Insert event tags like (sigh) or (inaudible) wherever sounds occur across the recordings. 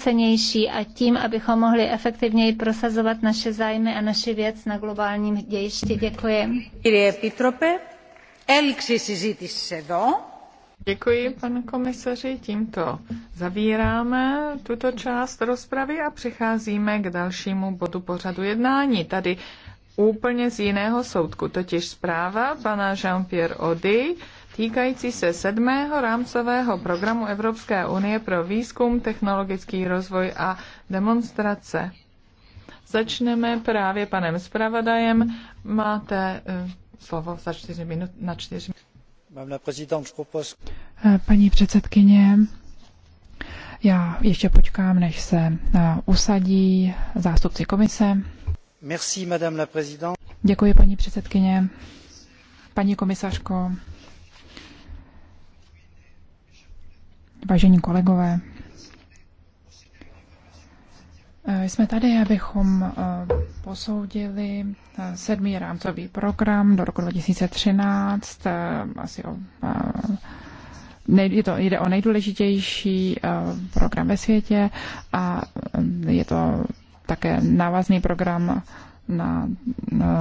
cenější a tím, abychom mohli efektivněji prosazovat naše zájmy a naši věc na globálním dějišti. Děkuji. Děkuji, pane komisaři. Tímto zavíráme tuto část rozpravy a přecházíme k dalšímu bodu pořadu jednání. Tady úplně z jiného soudku, totiž zpráva pana Jean-Pierre Ody týkající se sedmého rámcového programu Evropské unie pro výzkum, technologický rozvoj a demonstrace. Začneme právě panem zpravodajem. Máte eh, slovo za čtyři minut, na čtyři eh, Paní předsedkyně, já ještě počkám, než se eh, usadí zástupci komise. Merci, madame la Děkuji, paní předsedkyně. Paní komisařko, vážení kolegové, eh, jsme tady, abychom eh, posoudili eh, sedmý rámcový program do roku 2013, asi o je to, jde o nejdůležitější program ve světě a je to také návazný program, na, na,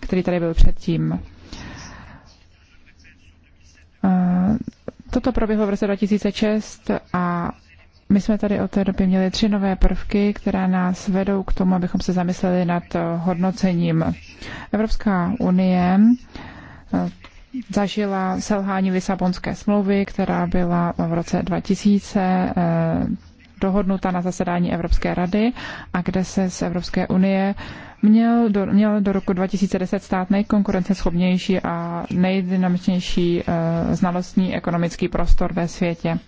který tady byl předtím. Toto proběhlo v roce 2006 a my jsme tady od té doby měli tři nové prvky, které nás vedou k tomu, abychom se zamysleli nad eh, hodnocením. Evropská unie eh, zažila selhání Lisabonské smlouvy, která byla v roce 2000 dohodnuta na zasedání Evropské rady a kde se z Evropské unie měl do, měl do roku 2010 stát nejkonkurenceschopnější a nejdynamičnější eh, znalostní ekonomický prostor ve světě.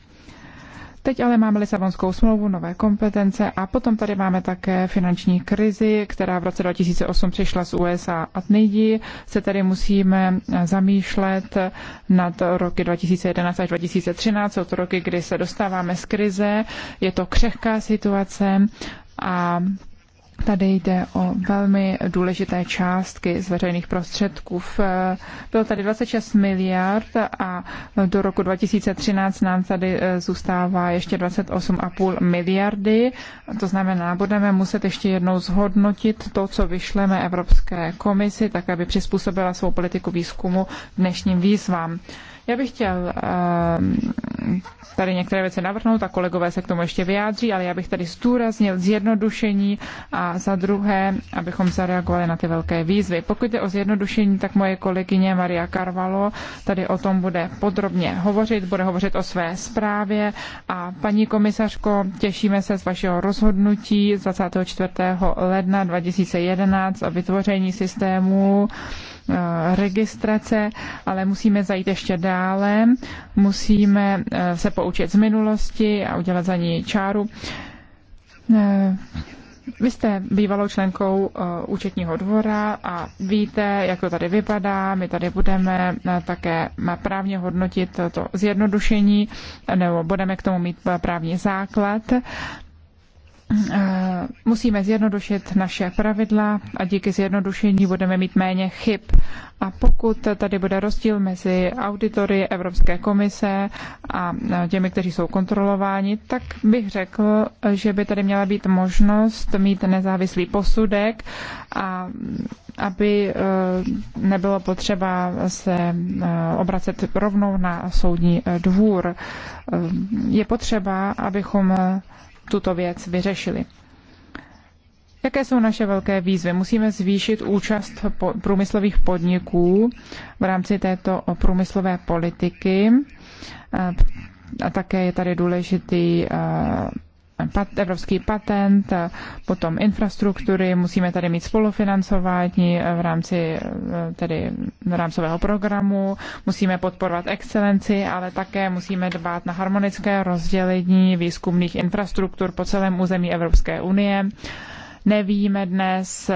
Teď ale máme Lisabonskou smlouvu, nové kompetence a potom tady máme také finanční krizi, která v roce 2008 přišla z USA a nyní se tady musíme zamýšlet nad roky 2011 až 2013. Jsou to roky, kdy se dostáváme z krize, je to křehká situace a Tady jde o velmi důležité částky z veřejných prostředků. Eh, bylo tady 26 miliard a do roku 2013 nám tady eh, zůstává ještě 28,5 miliardy. To znamená, budeme muset ještě jednou zhodnotit to, co vyšleme Evropské komisi, tak aby přizpůsobila svou politiku výzkumu dnešním výzvám. Já bych chtěl eh, tady některé věci navrhnout a kolegové se k tomu ještě vyjádří, ale já bych tady zdůraznil zjednodušení a za druhé, abychom zareagovali na ty velké výzvy. Pokud je o zjednodušení, tak moje kolegyně Maria Karvalo tady o tom bude podrobně hovořit, bude hovořit o své zprávě a paní komisařko, těšíme se z vašeho rozhodnutí z 24. ledna 2011 o vytvoření systému Eh, registrace, ale musíme zajít ještě dále, musíme eh, se poučit z minulosti a udělat za ní čáru. Eh, vy jste bývalou členkou účetního dvora a víte, jak to tady vypadá. My tady budeme také právně hodnotit to zjednodušení, nebo budeme k tomu mít právní základ. Eh, musíme zjednodušit naše pravidla a díky zjednodušení budeme mít méně chyb. A pokud tady bude rozdíl mezi auditory Evropské komise a eh, těmi, kteří jsou kontrolováni, tak bych řekl, že by tady měla být možnost mít nezávislý posudek a mm, aby eh, nebylo potřeba se obracet rovnou na soudní dvůr. Je potřeba, abychom tuto věc vyřešili. Jaké jsou naše velké výzvy? Musíme zvýšit účast průmyslových podniků v rámci této průmyslové politiky. A také je tady důležitý pat, evropský patent, eh, potom infrastruktury, musíme tady mít spolufinancování eh, v rámci eh, tedy rámcového programu, musíme podporovat excelenci, ale také musíme dbát na harmonické rozdělení výzkumných infrastruktur po celém území Evropské unie. Nevíme dnes,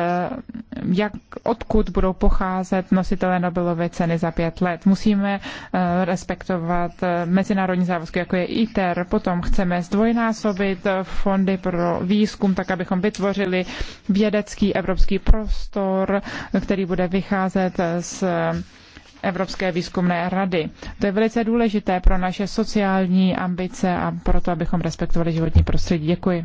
jak, odkud budou pocházet nositelé Nobelovy ceny za pět let. Musíme eh, respektovat eh, mezinárodní závazky, jako je ITER. Potom chceme zdvojnásobit eh, fondy pro výzkum, tak abychom vytvořili vědecký evropský prostor, který bude vycházet z Evropské výzkumné rady. To je velice důležité pro naše sociální ambice a proto, abychom respektovali životní prostředí. Děkuji.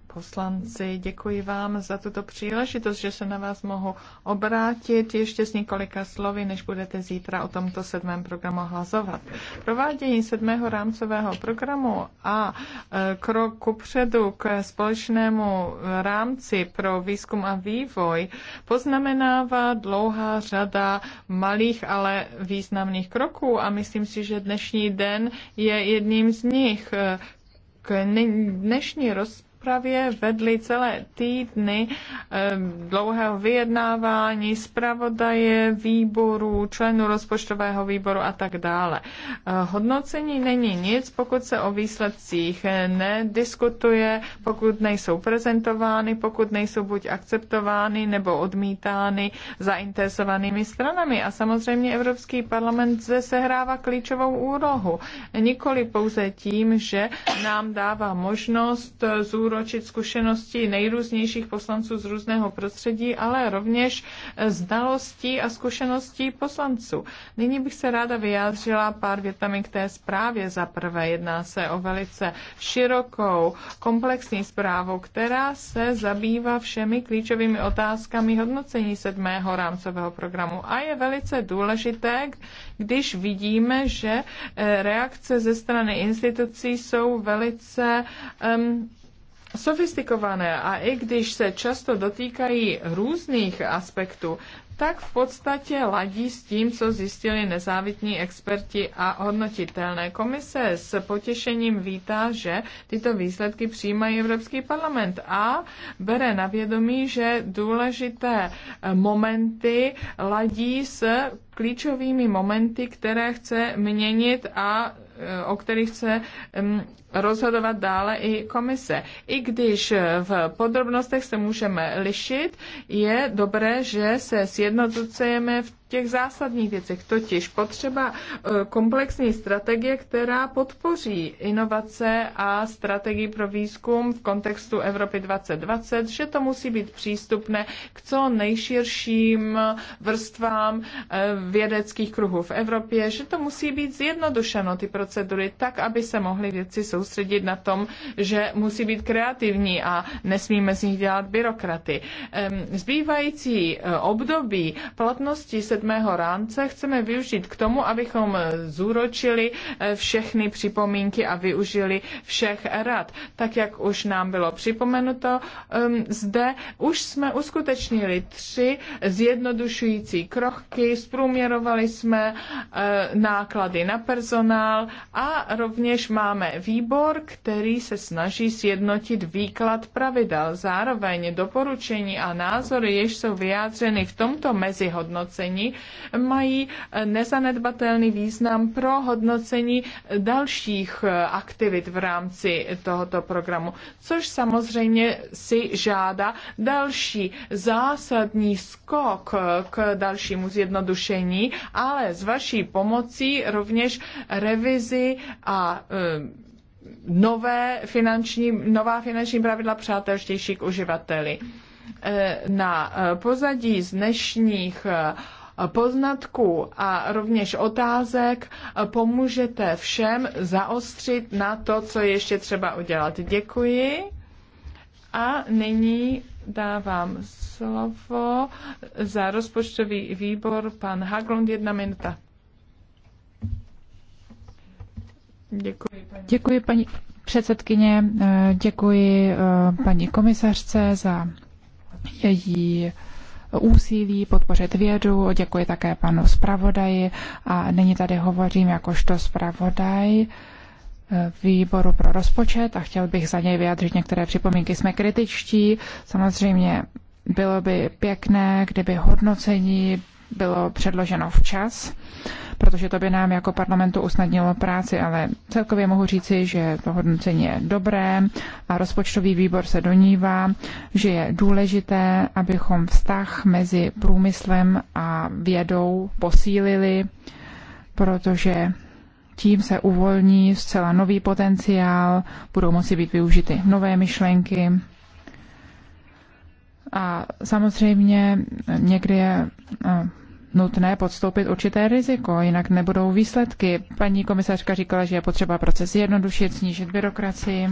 poslanci, děkuji vám za tuto příležitost, že se na vás mohu obrátit ještě s několika slovy, než budete zítra o tomto sedmém programu hlasovat. Provádění sedmého rámcového programu a e, krok předu k společnému rámci pro výzkum a vývoj poznamenává dlouhá řada malých, ale významných kroků a myslím si, že dnešní den je jedním z nich. E, k dnešní rozpočtu rozpravě vedly celé týdny ehm, dlouhého vyjednávání zpravodaje, výboru, členů rozpočtového výboru a tak dále. Eh, hodnocení není nic, pokud se o výsledcích nediskutuje, pokud nejsou prezentovány, pokud nejsou buď akceptovány nebo odmítány zainteresovanými stranami. A samozřejmě Evropský parlament zde sehrává klíčovou úlohu. Nikoli pouze tím, že nám dává možnost eh, zůstat úročit zkušenosti nejrůznějších poslanců z různého prostředí, ale rovněž eh, znalostí a zkušeností poslanců. Nyní bych se ráda vyjádřila pár větami k té zprávě. Za prvé jedná se o velice širokou, komplexní zprávu, která se zabývá všemi klíčovými otázkami hodnocení sedmého rámcového programu a je velice důležité, když vidíme, že eh, reakce ze strany institucí jsou velice um, sofistikované a i když se často dotýkají různých aspektů, tak v podstatě ladí s tím, co zjistili nezávislí experti a hodnotitelné komise. S potěšením vítá, že tyto výsledky přijímají Evropský parlament a bere na vědomí, že důležité momenty ladí s klíčovými momenty, které chce měnit a e, o kterých chce mm, rozhodovat dále i komise. I když v podrobnostech se můžeme lišit, je dobré, že se sjednotujeme v těch zásadních věcech, totiž potřeba e, komplexní strategie, která podpoří inovace a strategii pro výzkum v kontextu Evropy 2020, že to musí být přístupné k co nejširším vrstvám e, vědeckých kruhů v Evropě, že to musí být zjednodušeno ty procedury tak, aby se mohly věci soustředit soustředit na tom, že musí být kreativní a nesmíme z nich dělat byrokraty. Zbývající eh, období platnosti sedmého rámce chceme využít k tomu, abychom eh, zúročili eh, všechny připomínky a využili všech rad. Tak, jak už nám bylo připomenuto, zde už jsme uskutečnili tři zjednodušující kroky, zprůměrovali jsme náklady na personál a rovněž máme výbor, výbor, který se snaží sjednotit výklad pravidel. Zároveň doporučení a názory, jež jsou vyjádřeny v tomto mezihodnocení, mají nezanedbatelný význam pro hodnocení dalších aktivit v rámci tohoto programu, což samozřejmě si žádá další zásadní skok k dalšímu zjednodušení, ale s vaší pomocí rovněž revizi a nové finanční, nová finanční pravidla přátelštější k uživateli. E, na e, pozadí z dnešních e, poznatků a rovněž otázek pomůžete všem zaostřit na to, co ještě třeba udělat. Děkuji. A nyní dávám slovo za rozpočtový výbor pan Haglund, jedna minuta. Děkuji, paní. Děkuji, paní předsedkyně, eh, děkuji eh, paní komisařce za její úsilí podpořit vědu, děkuji také panu zpravodaji a nyní tady hovořím jakožto zpravodaj eh, výboru pro rozpočet a chtěl bych za něj vyjádřit některé připomínky. Jsme kritičtí, samozřejmě bylo by pěkné, kdyby hodnocení bylo předloženo včas, protože to by nám jako parlamentu usnadnilo práci, ale celkově mohu říci, že to hodnocení je dobré a rozpočtový výbor se donívá, že je důležité, abychom vztah mezi průmyslem a vědou posílili, protože tím se uvolní zcela nový potenciál, budou moci být využity nové myšlenky. A samozřejmě někdy je eh, nutné podstoupit určité riziko, jinak nebudou výsledky. Paní komisařka říkala, že je potřeba proces zjednodušit, snížit byrokracii.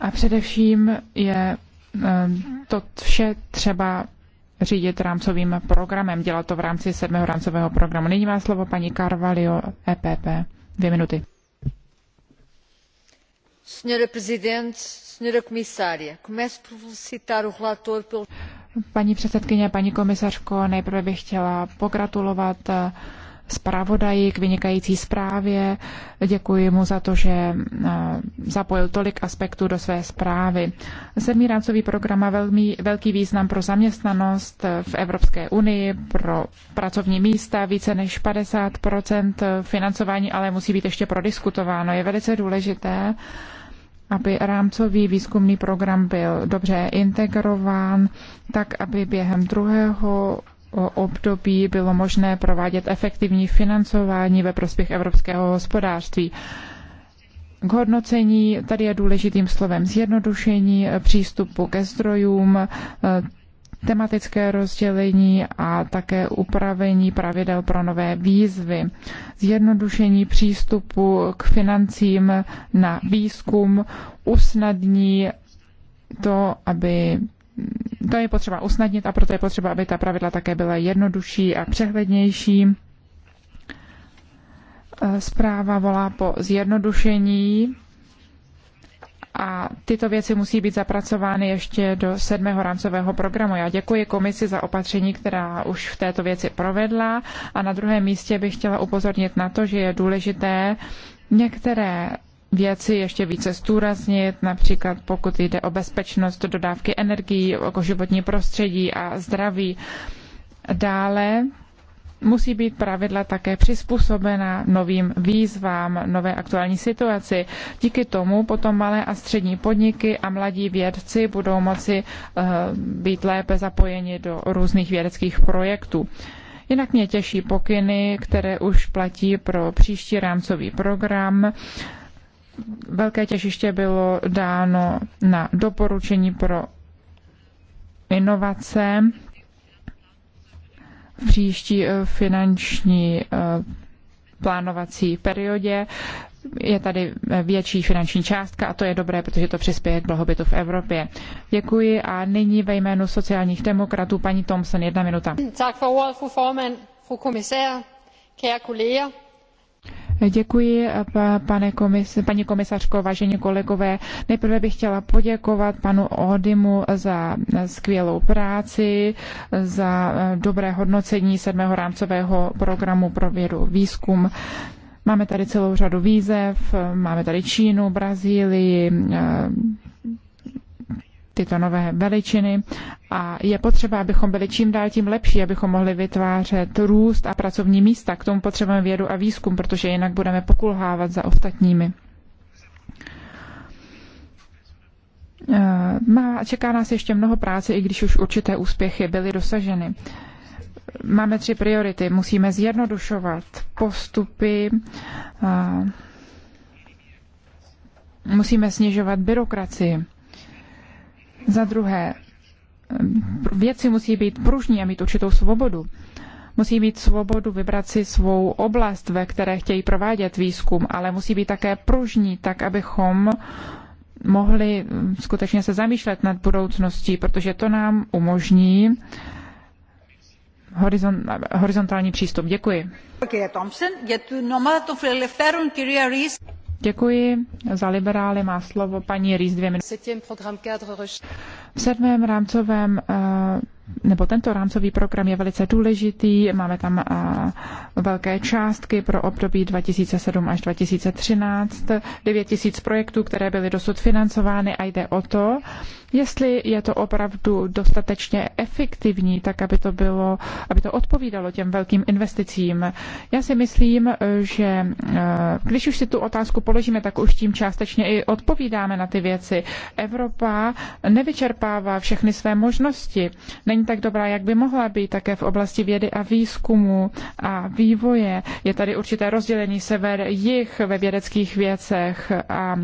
A především je eh, to vše třeba řídit rámcovým programem, dělat to v rámci sedmého rámcového programu. Nyní má slovo paní Carvalho, EPP. Dvě minuty. Paní předsedkyně, paní komisařko, nejprve bych chtěla pogratulovat eh, zpravodaji k vynikající zprávě. Děkuji mu za to, že eh, zapojil tolik aspektů do své zprávy. Sedmý rámcový program má velmi, velký význam pro zaměstnanost eh, v Evropské unii, pro pracovní místa. Více než 50 financování ale musí být ještě prodiskutováno. Je velice důležité, aby rámcový výzkumný program byl dobře integrován, tak aby během druhého období bylo možné provádět efektivní financování ve prospěch evropského hospodářství. K hodnocení tady je důležitým slovem zjednodušení přístupu ke zdrojům, tematické rozdělení a také upravení pravidel pro nové výzvy, zjednodušení přístupu k financím na výzkum, usnadní to, aby to je potřeba usnadnit a proto je potřeba, aby ta pravidla také byla jednodušší a přehlednější. Zpráva volá po zjednodušení a tyto věci musí být zapracovány ještě do sedmého rámcového programu. Já děkuji komisi za opatření, která už v této věci provedla a na druhém místě bych chtěla upozornit na to, že je důležité některé věci ještě více zdůraznit, například pokud jde o bezpečnost dodávky energií, o jako životní prostředí a zdraví. Dále musí být pravidla také přizpůsobena novým výzvám, nové aktuální situaci. Díky tomu potom malé a střední podniky a mladí vědci budou moci eh, být lépe zapojeni do různých vědeckých projektů. Jinak mě těší pokyny, které už platí pro příští rámcový program. Velké těžiště bylo dáno na doporučení pro inovace příští eh, finanční eh, plánovací periodě. Je tady eh, větší finanční částka a to je dobré, protože to přispěje k blahobytu v Evropě. Děkuji a nyní ve jménu sociálních demokratů paní Thompson, jedna minuta. Tak for ordet, fru formand, fru kære kolleger. Děkuji, pane komis, paní komisařko, vážení kolegové. Nejprve bych chtěla poděkovat panu Odimu za skvělou práci, za eh, dobré hodnocení sedmého rámcového programu pro vědu výzkum. Máme tady celou řadu výzev, máme tady Čínu, Brazílii, eh, tyto nové veličiny a je potřeba, abychom byli čím dál tím lepší, abychom mohli vytvářet růst a pracovní místa. K tomu potřebujeme vědu a výzkum, protože jinak budeme pokulhávat za ostatními. Eh, má, čeká nás ještě mnoho práce, i když už určité úspěchy byly dosaženy. Máme tři priority. Musíme zjednodušovat postupy, eh, musíme snižovat byrokracii. Za druhé, věci musí být pružní a mít určitou svobodu. Musí mít svobodu vybrat si svou oblast, ve které chtějí provádět výzkum, ale musí být také pružní, tak abychom mohli skutečně se zamýšlet nad budoucností, protože to nám umožní horizontální přístup. Děkuji. Děkuji. Za liberály má slovo paní Rýs dvě minuty. V sedmém rámcovém eh, nebo tento rámcový program je velice důležitý. Máme tam velké částky pro období 2007 až 2013, 9 projektů, které byly dosud financovány a jde o to, jestli je to opravdu dostatečně efektivní, tak aby to, bylo, aby to odpovídalo těm velkým investicím. Já si myslím, že e, když už si tu otázku položíme, tak už tím částečně i odpovídáme na ty věci. Evropa nevyčerpává všechny své možnosti. Není tak tak dobrá, jak by mohla být, také v oblasti vědy a výzkumu a vývoje. Je tady určité rozdělení sever-jih ve vědeckých věcech a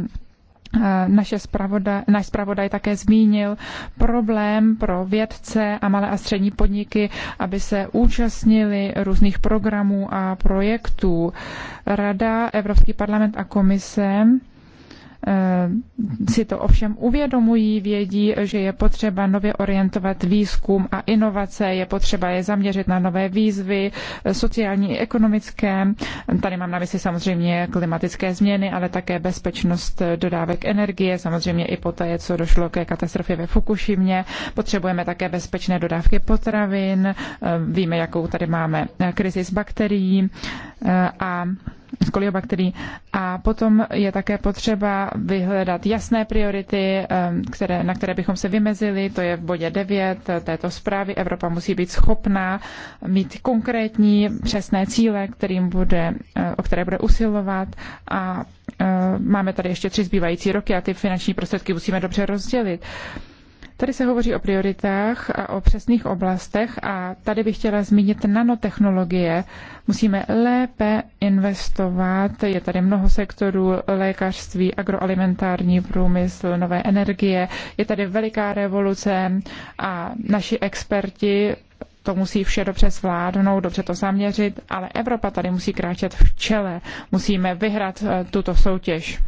naše spravodaj, náš zpravodaj také zmínil problém pro vědce a malé a střední podniky, aby se účastnili různých programů a projektů. Rada, Evropský parlament a komise Eh, si to ovšem uvědomují, vědí, že je potřeba nově orientovat výzkum a inovace, je potřeba je zaměřit na nové výzvy, eh, sociální, ekonomické. Tady mám na mysli samozřejmě klimatické změny, ale také bezpečnost eh, dodávek energie, samozřejmě i poté, co došlo ke katastrofě ve Fukušimě. Potřebujeme také bezpečné dodávky potravin, víme, jakou tady máme krizi s bakterií a koliobakterií. A potom je také potřeba vyhledat jasné priority, které, na které bychom se vymezili. To je v bodě 9 této zprávy. Evropa musí být schopná mít konkrétní přesné cíle, kterým bude, eh, o které bude usilovat a eh, máme tady ještě tři zbývající roky a ty finanční prostředky musíme dobře rozdělit. Tady se hovoří o prioritách a o přesných oblastech a tady bych chtěla zmínit nanotechnologie. Musíme lépe investovat, je tady mnoho sektorů, lékařství, agroalimentární průmysl, nové energie, je tady veliká revoluce a naši experti to musí vše dobře zvládnout, dobře to zaměřit, ale Evropa tady musí kráčet v čele. Musíme vyhrát eh, tuto soutěž.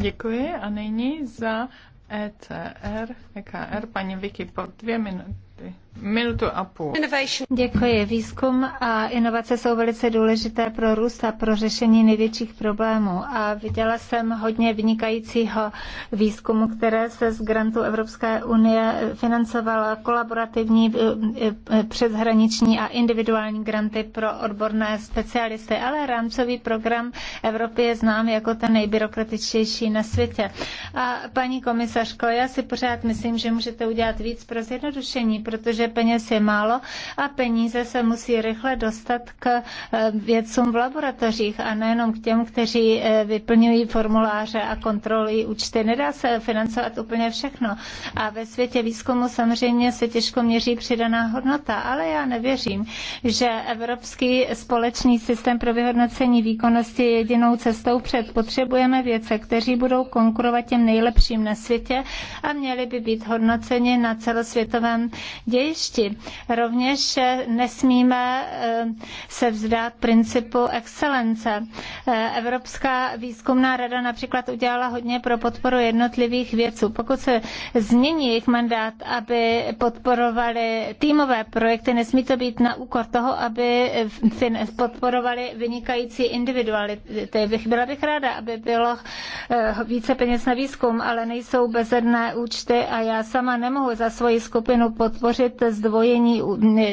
Děkuji a nyní za ECR, EKR, paní Vicky, po dvě minuty. Minutu a půl. Děkuji. Výzkum a inovace jsou velice důležité pro růst a pro řešení největších problémů. A viděla jsem hodně vynikajícího výzkumu, které se z grantu Evropské unie financovala kolaborativní eh, eh, přeshraniční a individuální granty pro odborné specialisty. Ale rámcový program Evropy je znám jako ten nejbyrokratičtější na světě. A paní komisařko, já si pořád myslím, že můžete udělat víc pro zjednodušení, protože protože peněz je málo a peníze se musí rychle dostat k eh, vědcům v laboratořích a nejenom k těm, kteří eh, vyplňují formuláře a kontrolují účty. Nedá se financovat úplně všechno. A ve světě výzkumu samozřejmě se těžko měří přidaná hodnota, ale já nevěřím, že evropský společný systém pro vyhodnocení výkonnosti je jedinou cestou před. Potřebujeme věce, kteří budou konkurovat těm nejlepším na světě a měli by být hodnoceni na celosvětovém ději bojišti. Rovněž eh, nesmíme eh, se vzdát principu excelence. Eh, Evropská výzkumná rada například udělala hodně pro podporu jednotlivých věců. Pokud se změní jejich mandát, aby podporovali týmové projekty, nesmí to být na úkor toho, aby podporovali vynikající individuality. Byla bych ráda, aby bylo více peněz na výzkum, ale nejsou bezedné účty a já sama nemohu za svoji skupinu podpořit zdvojení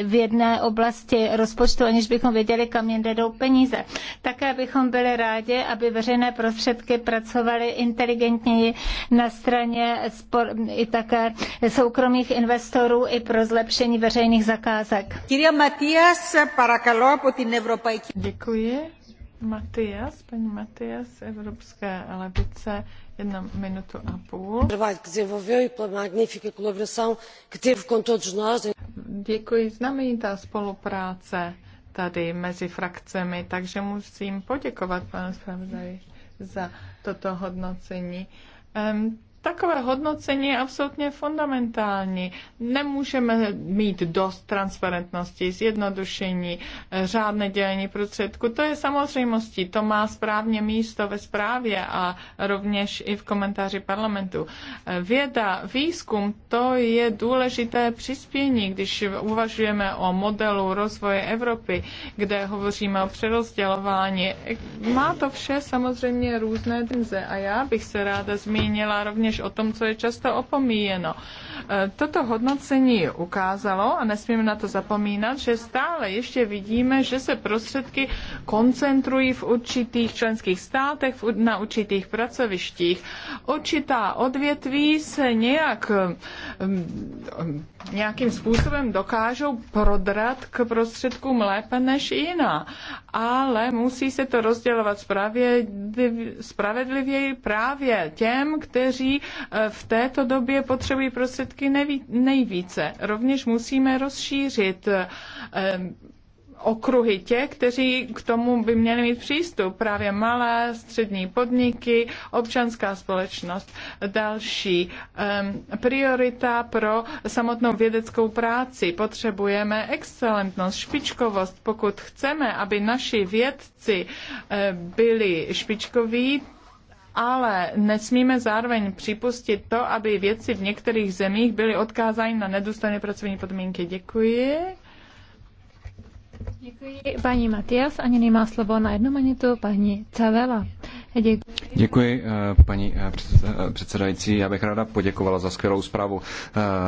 v jedné oblasti rozpočtu, aniž bychom věděli, kam jinde jdou peníze. Také bychom byli rádi, aby veřejné prostředky pracovaly inteligentněji na straně spor, i také soukromých investorů i pro zlepšení veřejných zakázek. Děkuji. Matias, paní Matias, Evropské levice, jedna minutu a půl. E Děkuji, znamenitá spolupráce tady mezi frakcemi, takže musím poděkovat panu zpravodaji za toto hodnocení. Um, Takové hodnocení je absolutně fundamentální. Nemůžeme mít dost transparentnosti, zjednodušení, řádné dělení prostředku. To je samozřejmostí, to má správně místo ve zprávě a rovněž i v komentáři parlamentu. Věda, výzkum, to je důležité přispění, když uvažujeme o modelu rozvoje Evropy, kde hovoříme o přerozdělování. Má to vše samozřejmě různé dimenze a já bych se ráda zmínila rovněž rovněž o tom, co je často opomíjeno. E, toto hodnocení ukázalo, a nesmíme na to zapomínat, že stále ještě vidíme, že se prostředky koncentrují v určitých členských státech, na určitých pracovištích. Určitá odvětví se nějak, nějakým způsobem dokážou prodrat k prostředkům lépe než jiná, ale musí se to rozdělovat spravedlivěji právě těm, kteří Eh, v této době potřebují prostředky nejvíce. Rovněž musíme rozšířit eh, okruhy těch, kteří k tomu by měli mít přístup. Právě malé, střední podniky, občanská společnost. Další um, priorita pro samotnou vědeckou práci. Potřebujeme excelentnost, špičkovost. Pokud chceme, aby naši vědci byli špičkoví, ale nesmíme zároveň připustit to, aby věci v některých zemích byly odkázány na nedůstojné pracovní podmínky. Děkuji. Děkuji paní Matias Ani nemá slovo na jednu manitu paní Cavela. Děkuji. Děkuji, eh, paní eh, eh, předsedající. Já bych ráda poděkovala za skvělou zprávu.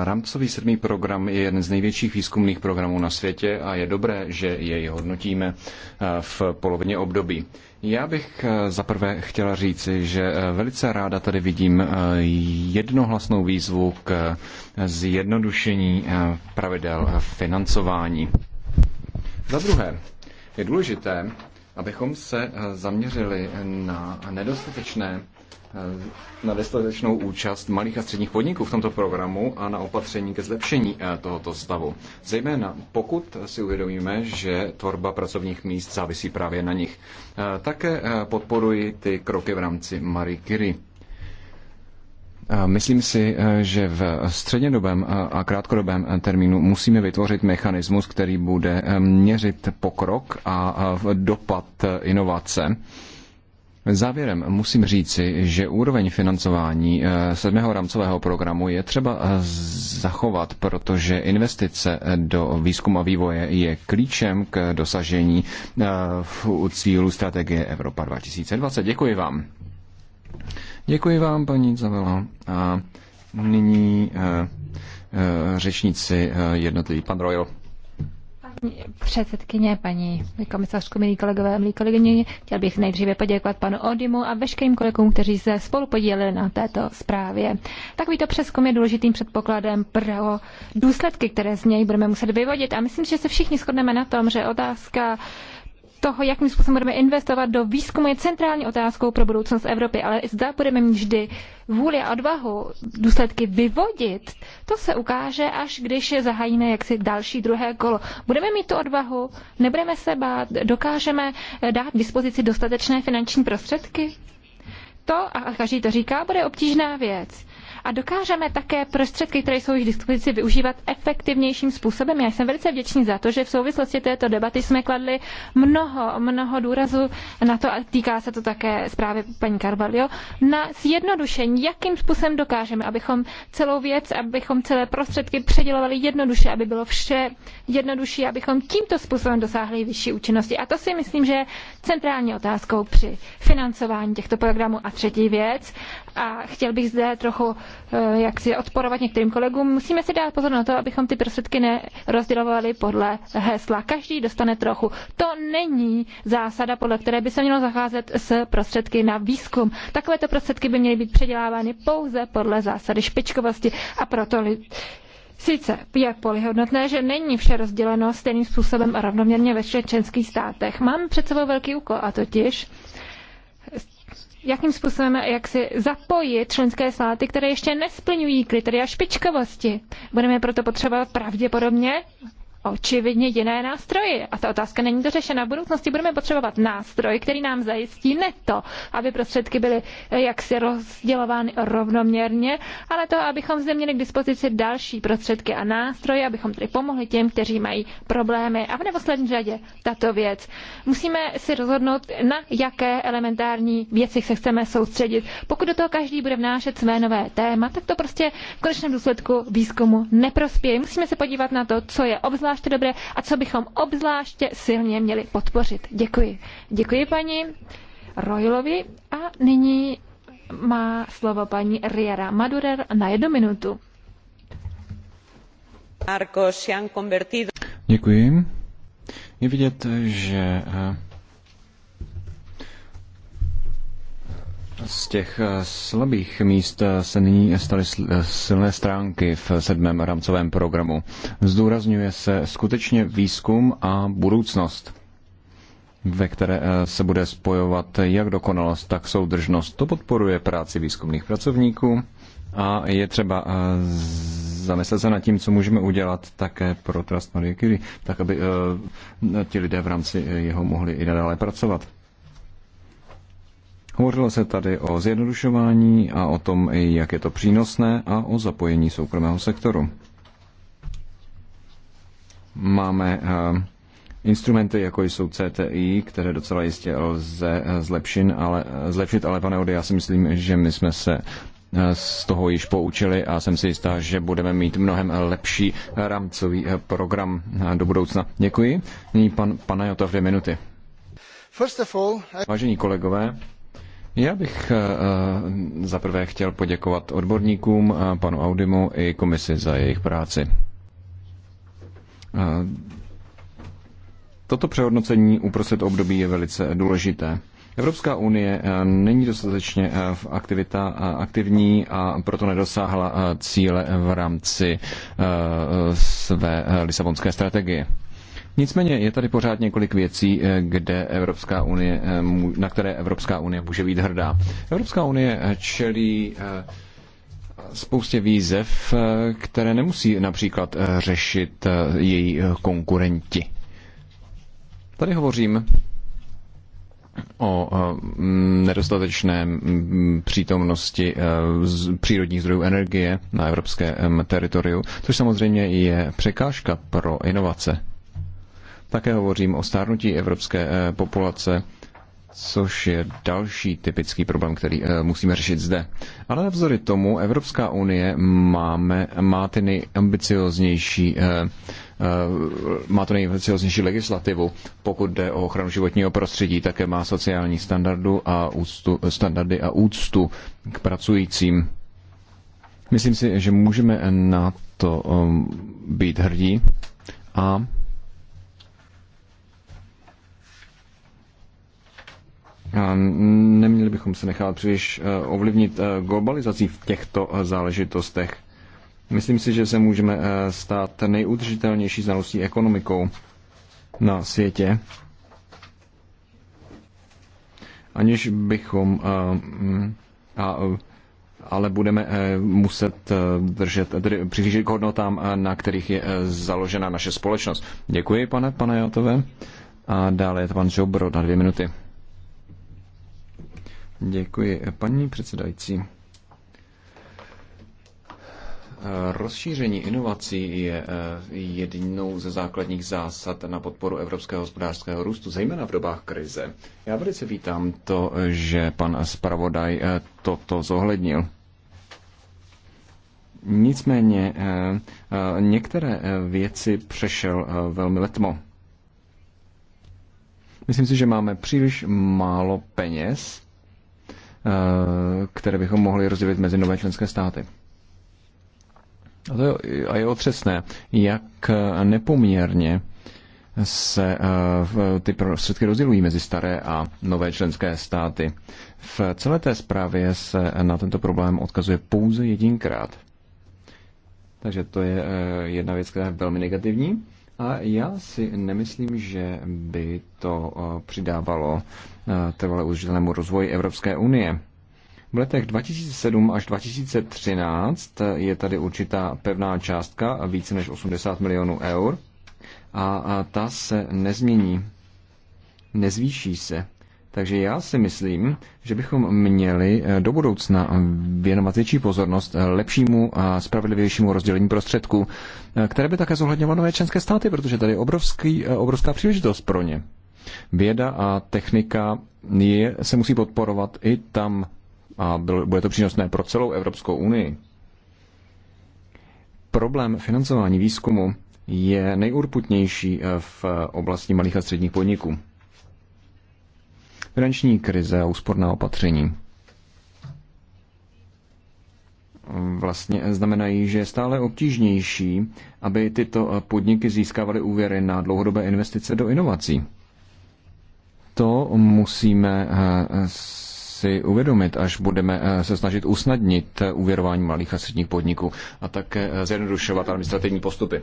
Rámcový sedmý program je jeden z největších výzkumných programů na světě a je dobré, že jej hodnotíme v polovině období. Já bych eh, zaprvé chtěla říci, že eh, velice ráda tady vidím eh, jednohlasnou výzvu k zjednodušení pravidel financování. Za druhé, je důležité, abychom se zaměřili na nedostatečné Eh, na dostatečnou účast malých a středních podniků v tomto programu a na opatření ke zlepšení eh, tohoto stavu. Zejména pokud si uvědomíme, že tvorba pracovních míst závisí právě na nich. Eh, také podporuji ty kroky v rámci Marie Curie. Myslím si, že v střednědobém a krátkodobém termínu musíme vytvořit mechanismus, který bude měřit pokrok a dopad inovace Závěrem musím říci, že úroveň financování eh, sedmého rámcového programu je třeba eh, zachovat, protože investice eh, do výzkumu a vývoje je klíčem k dosažení cílu strategie Evropa 2020. Děkuji vám. Děkuji vám, paní Zavela. A nyní řečníci jednotlivý pan Royal. Předsedkyně, paní komisařku, milí kolegové, milí kolegyně, chtěl bych nejdříve poděkovat panu Odimu a veškerým kolegům, kteří se spolu podíleli na této zprávě. Takovýto přeskum je důležitým předpokladem pro důsledky, které z něj budeme muset vyvodit a myslím, že se všichni shodneme na tom, že otázka toho, jakým způsobem budeme investovat do výzkumu, je centrální otázkou pro budoucnost Evropy, ale zda budeme mít vždy vůli a odvahu důsledky vyvodit, to se ukáže, až když je zahájíme jaksi další druhé kolo. Budeme mít tu odvahu, nebudeme se bát, dokážeme eh, dát dispozici dostatečné finanční prostředky? To, a každý to říká, bude obtížná věc a dokážeme také prostředky, které jsou již dispozici, využívat efektivnějším způsobem. Já jsem velice vděčný za to, že v souvislosti této debaty jsme kladli mnoho, mnoho důrazu na to, a týká se to také zprávy paní Carvalho, na zjednodušení, jakým způsobem dokážeme, abychom celou věc, abychom celé prostředky předělovali jednoduše, aby bylo vše jednodušší, abychom tímto způsobem dosáhli vyšší účinnosti. A to si myslím, že je centrální otázkou při financování těchto programů. A třetí věc, a chtěl bych zde trochu Eh, jak si odporovat některým kolegům. Musíme si dát pozor na to, abychom ty prostředky nerozdělovali podle hesla. Každý dostane trochu. To není zásada, podle které by se mělo zacházet s prostředky na výzkum. Takovéto prostředky by měly být předělávány pouze podle zásady špičkovosti a proto Sice je polihodnotné, že není vše rozděleno stejným způsobem a rovnoměrně ve všech členských státech. Mám před sebou velký úkol a totiž jakým způsobem jak si zapojit členské státy, které ještě nesplňují kritéria špičkovosti. Budeme proto potřebovat pravděpodobně očividně jiné nástroje. A ta otázka není dořešena. V budoucnosti budeme potřebovat nástroj, který nám zajistí ne to, aby prostředky byly eh, jaksi rozdělovány rovnoměrně, ale to, abychom zde měli k dispozici další prostředky a nástroje, abychom tedy pomohli těm, kteří mají problémy. A v neposlední řadě tato věc. Musíme si rozhodnout, na jaké elementární věci se chceme soustředit. Pokud do toho každý bude vnášet své nové téma, tak to prostě v konečném důsledku výzkumu neprospěje. Musíme se podívat na to, co je obzvlášť obzvláště dobré a co bychom obzvláště silně měli podpořit. Děkuji. Děkuji paní Rojlovi a nyní má slovo paní Riera Madurer na jednu minutu. Děkuji. Je vidět, že eh, Z těch eh, slabých míst eh, se nyní staly eh, silné stránky v sedmém rámcovém programu. Zdůrazňuje se skutečně výzkum a budoucnost ve které se bude spojovat jak dokonalost, tak soudržnost. To podporuje práci výzkumných pracovníků a je třeba zamyslet se nad tím, co můžeme udělat také pro Trust Marie Curie, tak aby ti lidé v rámci jeho mohli i nadále pracovat. Hovořilo se tady o zjednodušování a o tom, jak je to přínosné a o zapojení soukromého sektoru. Máme eh, instrumenty, jako jsou CTI, které docela jistě lze eh, zlepšin, ale, eh, zlepšit, ale pane Ode, já si myslím, že my jsme se z toho již poučili a jsem si jistá, že budeme mít mnohem lepší rámcový program do budoucna. Děkuji. Nyní pan, pana Jota dvě minuty. All, I... Vážení kolegové, já bych eh, eh, zaprvé chtěl poděkovat odborníkům, eh, panu Audimu i komisi za jejich práci. Toto přehodnocení uprostřed období je velice důležité. Evropská unie není dostatečně v aktivita aktivní a proto nedosáhla cíle v rámci své Lisabonské strategie. Nicméně je tady pořád několik věcí, eh, kde Evropská unie, eh, na které Evropská unie může být hrdá. Evropská unie eh, čelí spoustě výzev, které nemusí například řešit její konkurenti. Tady hovořím o nedostatečné přítomnosti přírodních zdrojů energie na evropském teritoriu, což samozřejmě je překážka pro inovace. Také hovořím o stárnutí evropské eh, populace, což je další typický problém, který eh, musíme řešit zde. Ale navzory tomu Evropská unie máme, má ty nejambicioznější eh, má to nejambicioznější legislativu, pokud jde o ochranu životního prostředí, také má sociální standardu a úctu, standardy a úctu k pracujícím. Myslím si, že můžeme na to být hrdí a Neměli bychom se nechat příliš eh, ovlivnit eh, globalizací v těchto eh, záležitostech. Myslím si, že se můžeme stát nejudržitelnější znalostí ekonomikou na světě, aniž bychom a, ale budeme muset držet, tedy přihlížet k hodnotám, na kterých je založena naše společnost. Děkuji, pane, pane Jotové. A dále je to pan Žobro na dvě minuty. Děkuji, paní předsedající. Rozšíření inovací je eh, jednou ze základních zásad na podporu evropského hospodářského růstu, zejména v dobách krize. Já velice vítám to, že pan zpravodaj eh, toto zohlednil. Nicméně eh, některé věci přešel velmi letmo. Myslím si, že máme příliš málo peněz Eh, které bychom mohli rozdělit mezi nové členské státy. A, to je, a je otřesné, jak eh, nepoměrně se eh, ty prostředky rozdělují mezi staré a nové členské státy. V celé té zprávě se na tento problém odkazuje pouze jedinkrát. Takže to je jedna věc, která je velmi negativní. A já si nemyslím, že by to eh, přidávalo eh, trvalé udržitelnému rozvoji Evropské unie. V letech 2007 až 2013 eh, je tady určitá pevná částka, více než 80 milionů eur, a ta se nezmění, nezvýší se. Takže já si myslím, že bychom měli eh, do budoucna věnovat větší pozornost eh, lepšímu a spravedlivějšímu rozdělení prostředků, eh, které by také zohledňovalo nové členské státy, protože tady je obrovský, obrovská příležitost pro ně. Věda a technika je, se musí podporovat i tam a bude to přínosné pro celou Evropskou unii. Problém financování výzkumu je nejurputnější v oblasti malých a středních podniků. Finanční krize a úsporná opatření vlastně znamenají, že je stále obtížnější, aby tyto podniky získávaly úvěry na dlouhodobé investice do inovací. To musíme eh, si uvědomit, až budeme eh, se snažit usnadnit eh, úvěrování malých a středních podniků a také zjednodušovat administrativní postupy.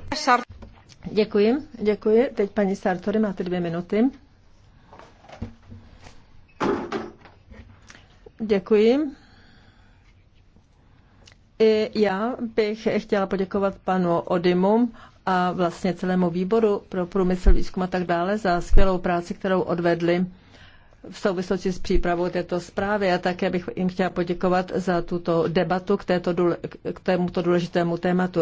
Děkuji, děkuji. Teď paní Sartori máte dvě minuty. Děkuji. I já bych chtěla poděkovat panu Odimu a vlastně celému výboru pro průmysl, výzkum a tak dále za skvělou práci, kterou odvedli v souvislosti s přípravou této zprávy a také bych jim chtěla poděkovat za tuto debatu k, této, k tomuto důležitému tématu.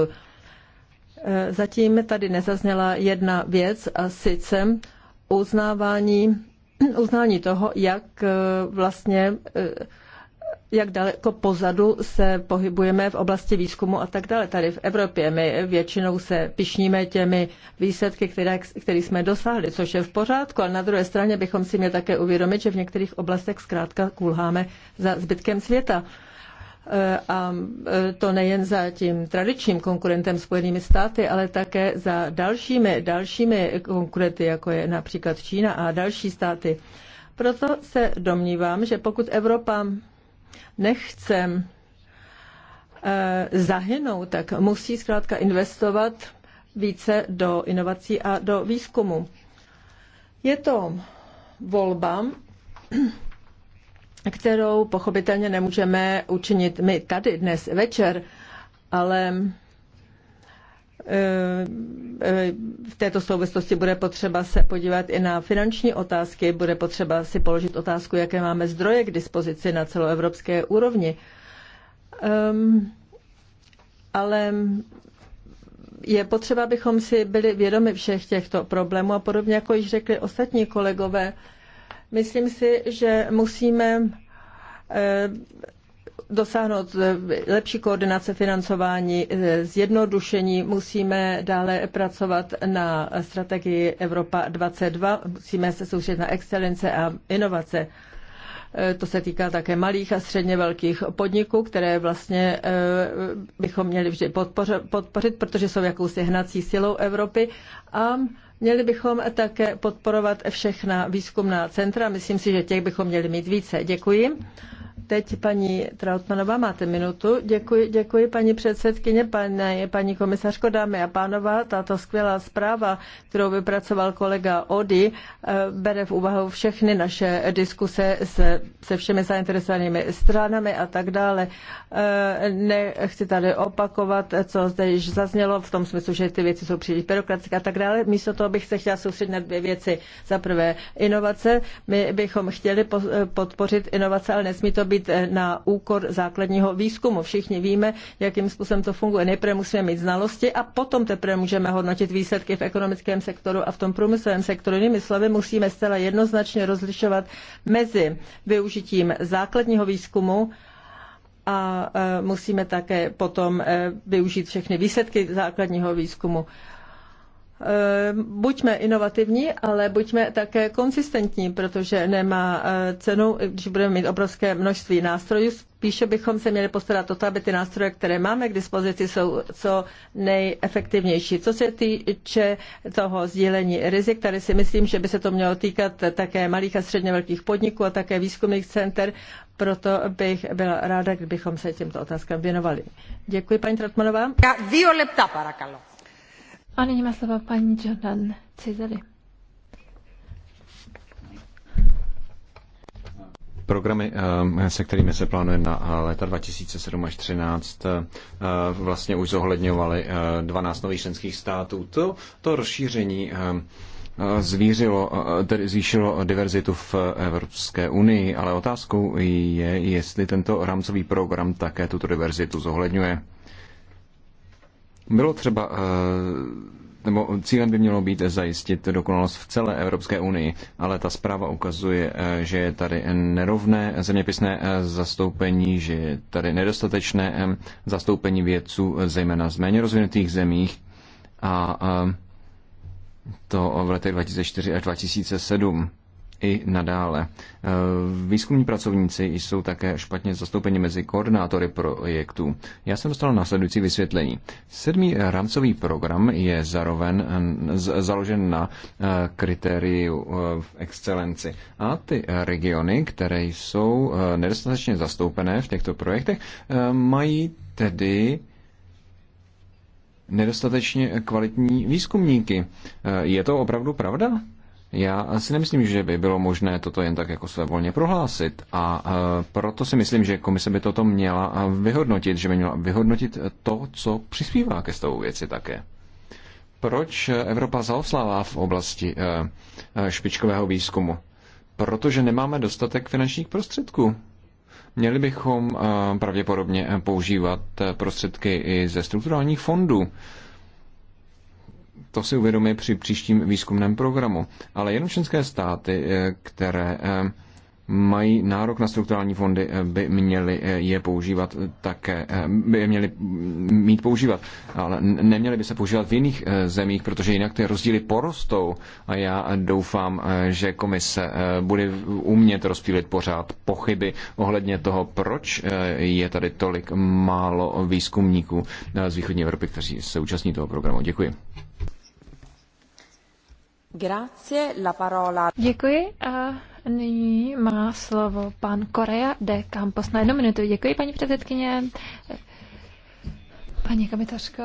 Zatím tady nezazněla jedna věc a sice uznávání (clears throat) uznání toho, jak eh, vlastně eh, jak daleko pozadu se pohybujeme v oblasti výzkumu a tak dále. Tady v Evropě my většinou se pišníme těmi výsledky, které, které jsme dosáhli, což je v pořádku, ale na druhé straně bychom si měli také uvědomit, že v některých oblastech zkrátka kulháme za zbytkem světa. E, a e, to nejen za tím tradičním konkurentem Spojenými státy, ale také za dalšími, dalšími konkurenty, jako je například Čína a další státy. Proto se domnívám, že pokud Evropa nechce e, zahynout, tak musí zkrátka investovat více do inovací a do výzkumu. Je to volba, kterou pochopitelně nemůžeme učinit my tady dnes večer, ale e, e, v této souvislosti bude potřeba se podívat i na finanční otázky, bude potřeba si položit otázku, jaké máme zdroje k dispozici na celoevropské úrovni. Um, ale je potřeba, abychom si byli vědomi všech těchto problémů a podobně, jako již řekli ostatní kolegové, uh, Myslím si, že musíme eh, dosáhnout eh, lepší koordinace financování, eh, zjednodušení. Musíme dále pracovat na strategii Evropa 22. Musíme se soustředit na excelence a inovace. To se týká také malých a středně velkých podniků, které vlastně bychom měli vždy podpořit, protože jsou jakousi hnací silou Evropy. A Měli bychom také podporovat všechna výzkumná centra. Myslím si, že těch bychom měli mít více. Děkuji. Teď paní Trautmanová, máte minutu. Děkuji, děkuji paní předsedkyně, paní, paní komisařko, dámy a pánová. Tato skvělá zpráva, kterou vypracoval kolega Ody, eh, bere v úvahu všechny naše diskuse se, se všemi zainteresovanými stranami a tak dále. Eh, nechci tady opakovat, co zde již zaznělo, v tom smyslu, že ty věci jsou příliš byrokratické a tak dále. Místo toho bych se chtěla soustředit na dvě věci. Za prvé, inovace. My bychom chtěli eh, podpořit inovace, ale nesmí to být být eh, na úkor základního výzkumu. Všichni víme, jakým způsobem to funguje. Nejprve musíme mít znalosti a potom teprve můžeme hodnotit výsledky v ekonomickém sektoru a v tom průmyslovém sektoru. Jinými slovy, musíme zcela jednoznačně rozlišovat mezi využitím základního výzkumu a eh, musíme také potom eh, využít všechny výsledky základního výzkumu. Eh, buďme inovativní, ale buďme také konsistentní, protože nemá eh, cenu, když budeme mít obrovské množství nástrojů. Spíše bychom se měli postarat o to, aby ty nástroje, které máme k dispozici, jsou co nejefektivnější. Co se týče toho sdílení rizik, tady si myslím, že by se to mělo týkat také malých a středně velkých podniků a také výzkumných center. Proto bych byla ráda, kdybychom se těmto otázkám věnovali. Děkuji, paní Trotmanová. Dvě lepta, parakalo. A nyní má slovo paní Jordan Cizery. programy, eh, se kterými se plánuje na eh, léta 2007 až 2013, eh, vlastně už zohledňovaly 12 nových členských států. To, to rozšíření zvířilo, tedy zvýšilo diverzitu v Evropské unii, ale otázkou je, jestli tento rámcový program také tuto diverzitu zohledňuje. Bylo třeba, eh, nebo cílem by mělo být zajistit dokonalost v celé Evropské unii, ale ta zpráva ukazuje, eh, že je tady nerovné zeměpisné eh, zastoupení, že je tady nedostatečné zastoupení vědců, zejména z méně rozvinutých zemích a to v letech 2004 až 2007 i nadále. E, výzkumní pracovníci jsou také špatně zastoupeni mezi koordinátory projektů. Já jsem dostal následující vysvětlení. Sedmý rámcový program je zároveň založen na e, kritériu e, v excelenci. A ty regiony, které jsou nedostatečně zastoupené v těchto projektech, mají tedy nedostatečně kvalitní výzkumníky. Je to opravdu pravda? Já si nemyslím, že by bylo možné toto jen tak jako své volně prohlásit a e, proto si myslím, že komise by toto měla e, vyhodnotit, že by měla vyhodnotit to, co přispívá ke stavu věci také. Proč Evropa zaoslává v oblasti e, špičkového výzkumu? Protože nemáme dostatek finančních prostředků. Měli bychom pravděpodobně používat prostředky i ze strukturálních fondů to si uvědomí při příštím výzkumném programu. Ale jenom členské státy, eh, které eh, mají nárok na strukturální fondy, eh, by měly je používat také, by je měly mm, mít používat, ale neměly by se používat v jiných zemích, protože jinak ty rozdíly porostou a já doufám, že komise bude umět rozpílit pořád pochyby ohledně toho, proč je tady tolik málo výzkumníků z východní Evropy, kteří se účastní toho programu. Děkuji. Grazie, la parola. Děkuji a nyní má slovo pan Korea de Campos na jednu minutu. Děkuji, paní předsedkyně. Paní komitařko,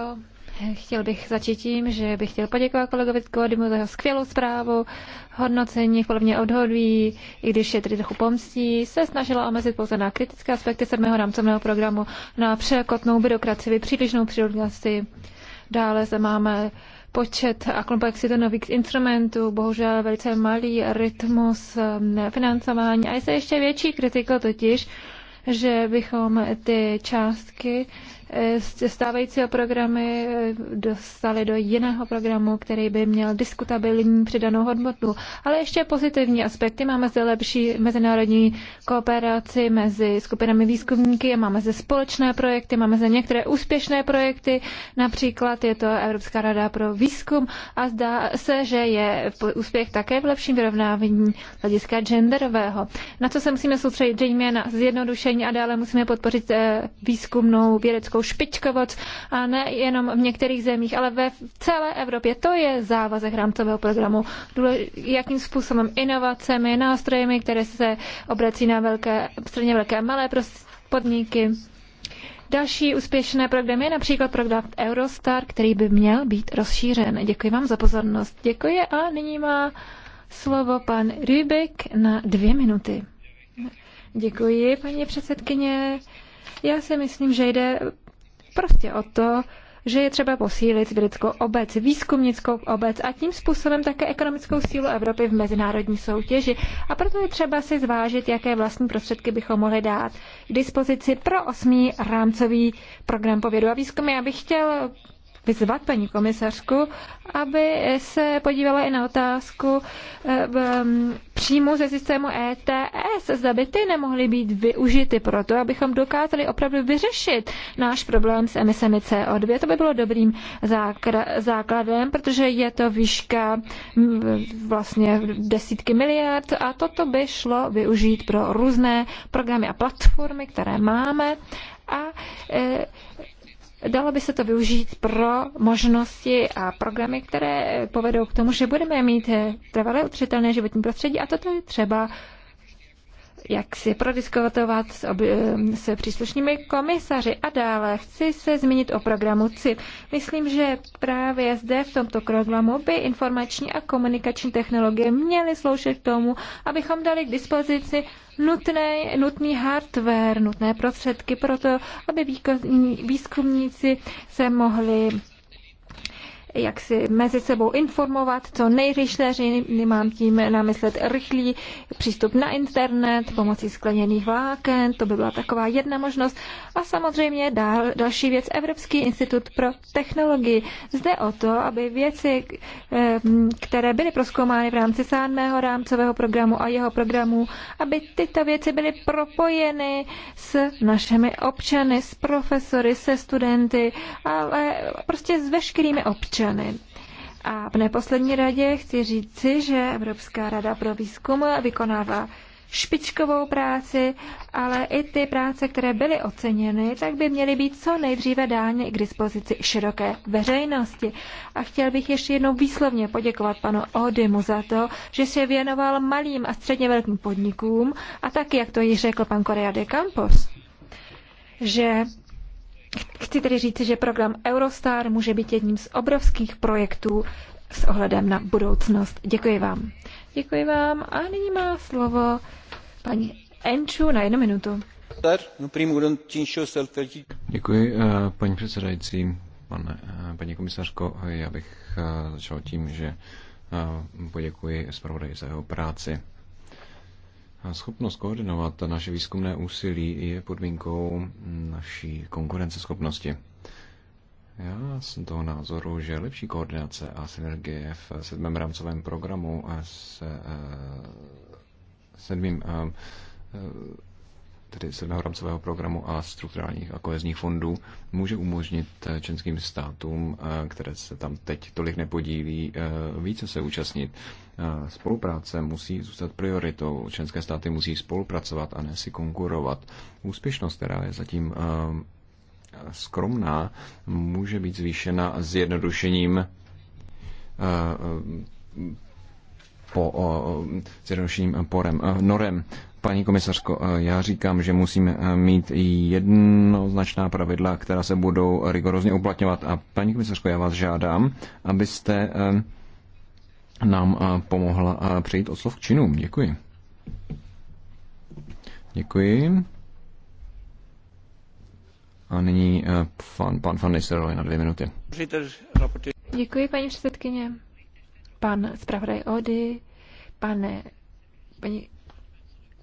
Chtěl bych začít tím, že bych chtěl poděkovat kolegovi Kodimu za jeho skvělou zprávu, hodnocení v podobně odhodví, i když je tedy trochu pomstí, se snažila omezit pouze na kritické aspekty sedmého rámcovného programu, na překotnou byrokracii, přílišnou přírodnosti. Dále se máme počet a komplexita nových instrumentů, bohužel velice malý rytmus um, financování. A je se ještě větší kritika totiž, že bychom ty částky ze eh, stávajícího programy eh, dostali do jiného programu, který by měl diskutabilní přidanou hodnotu. Ale ještě pozitivní aspekty. Máme zde lepší mezinárodní kooperaci mezi skupinami výzkumníky, máme zde společné projekty, máme zde některé úspěšné projekty, například je to Evropská rada pro výzkum a zdá se, že je úspěch také v lepším vyrovnávání hlediska genderového. Na co se musíme soustředit, zřejmě na zjednodušení a dále musíme podpořit eh, výzkumnou vědeckou nějakou špičkovost a ne jenom v některých zemích, ale ve celé Evropě. To je závazek rámcového programu. Jakým způsobem inovacemi, nástrojemi, které se obrací na velké, středně velké a malé podniky. Další úspěšné programy, je například program Eurostar, který by měl být rozšířen. Děkuji vám za pozornost. Děkuji a nyní má slovo pan Rybik na dvě minuty. Děkuji, paní předsedkyně. Já si myslím, že jde Prostě o to, že je třeba posílit vědeckou obec, výzkumnickou obec a tím způsobem také ekonomickou sílu Evropy v mezinárodní soutěži. A proto je třeba si zvážit, jaké vlastní prostředky bychom mohli dát k dispozici pro osmý rámcový program povědu a výzkumy. Já bych chtěl vyzvat paní komisařku, aby se podívala i na otázku eh, mm, příjmu ze systému ETS. Zda by ty nemohly být využity pro to, abychom dokázali opravdu vyřešit náš problém s emisemi CO2. To by bylo dobrým základem, protože je to výška mm, vlastně desítky miliard a toto by šlo využít pro různé programy a platformy, které máme a eh, Dalo by se to využít pro možnosti a programy, které povedou k tomu, že budeme mít trvalé udržitelné životní prostředí a toto je třeba jak si prodiskutovat s, ob, s příslušnými komisaři. A dále chci se zmínit o programu CIP. Myslím, že právě zde v tomto programu by informační a komunikační technologie měly sloužit k tomu, abychom dali k dispozici nutné, nutný hardware, nutné prostředky pro to, aby výzkumníci se mohli jak si mezi sebou informovat, co nejrychleji, mám tím na rychlý přístup na internet pomocí skleněných vláken, to by byla taková jedna možnost. A samozřejmě dál, další věc, Evropský institut pro technologii. Zde o to, aby věci, ehm, které byly proskoumány v rámci sádmého rámcového programu a jeho programu, aby tyto věci byly propojeny s našimi občany, s profesory, se studenty, ale prostě s veškerými občany občany. A v neposlední radě chci říci, že Evropská rada pro výzkum vykonává špičkovou práci, ale i ty práce, které byly oceněny, tak by měly být co nejdříve dány k dispozici široké veřejnosti. A chtěl bych ještě jednou výslovně poděkovat panu Odymu za to, že se věnoval malým a středně velkým podnikům a taky, jak to již řekl pan Korea de Campos, že Chci tedy říci, že program Eurostar může být jedním z obrovských projektů s ohledem na budoucnost. Děkuji vám. Děkuji vám a nyní má slovo paní Enču na jednu minutu. Děkuji, eh, paní předsedající. Pane, eh, paní komisařko, já bych eh, začal tím, že poděkuji zpravodaji za jeho práci schopnost koordinovat naše výzkumné úsilí je podmínkou naší konkurenceschopnosti. Já jsem toho názoru, že lepší koordinace a synergie v sedmém rámcovém programu se eh, sedmým eh, tedy silného rámcového programu a strukturálních a kohezních fondů, může umožnit eh, členským státům, eh, které se tam teď tolik nepodílí, eh, více se účastnit. Spolupráce musí zůstat prioritou. Členské státy musí spolupracovat a ne si konkurovat. Úspěšnost, která je zatím skromná, může být zvýšena zjednodušením po zjednodušením porem, norem. Paní komisařko, eh, já říkám, že musíme eh, mít jednoznačná pravidla, která se budou rigorozně uplatňovat. A paní komisařko, já vás žádám, abyste eh, nám pomohla přejít od slov k činům. Děkuji. Děkuji. A nyní pan, pan Van Nistelrooy na dvě minuty. Děkuji, paní předsedkyně. Pan zpravodaj Ody, pane, paní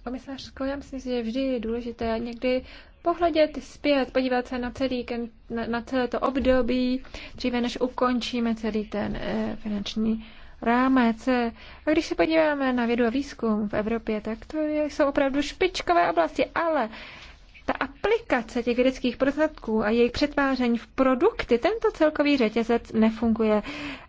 komisařko, já myslím si, že vždy je důležité někdy pohledět zpět, podívat se na, celý, na, na celé to období, dříve než ukončíme celý ten eh, finanční rámec. A když se podíváme na vědu a výzkum v Evropě, tak to je, jsou opravdu špičkové oblasti, ale ta aplikace těch vědeckých prostředků a jejich přetváření v produkty, tento celkový řetězec nefunguje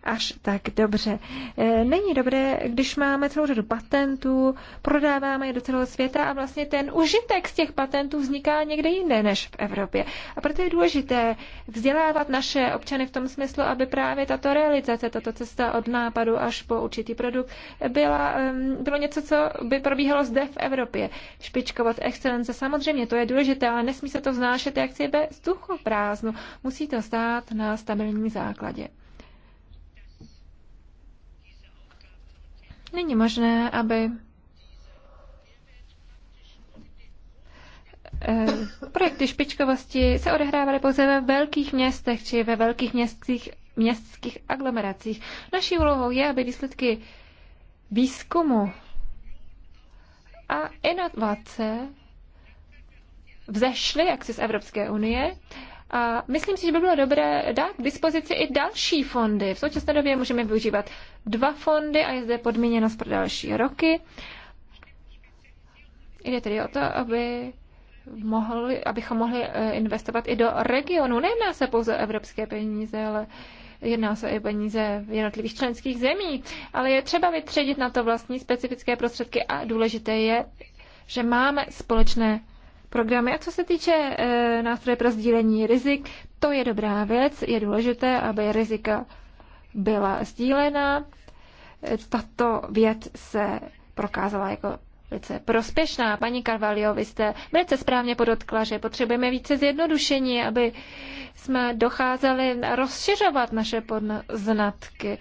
až tak dobře. E, není dobré, když máme celou řadu patentů, prodáváme je do celého světa a vlastně ten užitek z těch patentů vzniká někde jinde než v Evropě. A proto je důležité vzdělávat naše občany v tom smyslu, aby právě tato realizace, tato cesta od nápadu až po určitý produkt byla, bylo něco, co by probíhalo zde v Evropě. Špičkovat excelence, samozřejmě to je důležité důležité, ale nesmí se to vznášet jak si ve prázdnu. Musí to stát na stabilním základě. Není možné, aby eh, projekty špičkovosti se odehrávaly pouze ve velkých městech či ve velkých městských, městských aglomeracích. Naší úlohou je, aby výsledky výzkumu a inovace vzešly jaksi z Evropské unie. A myslím si, že by bylo dobré dát k dispozici i další fondy. V současné době můžeme využívat dva fondy a je zde podmíněnost pro další roky. Jde tedy o to, aby mohli, abychom mohli eh, investovat i do regionu. Nejedná se pouze o evropské peníze, ale jedná se i peníze v jednotlivých členských zemí. Ale je třeba vytředit na to vlastní specifické prostředky a důležité je, že máme společné programy. A co se týče e, nástroje pro sdílení rizik, to je dobrá věc. Je důležité, aby rizika byla sdílena. Eh, tato věc se prokázala jako velice prospěšná. Paní Carvalho, vy jste velice správně podotkla, že potřebujeme více zjednodušení, aby jsme docházeli rozšiřovat naše poznatky.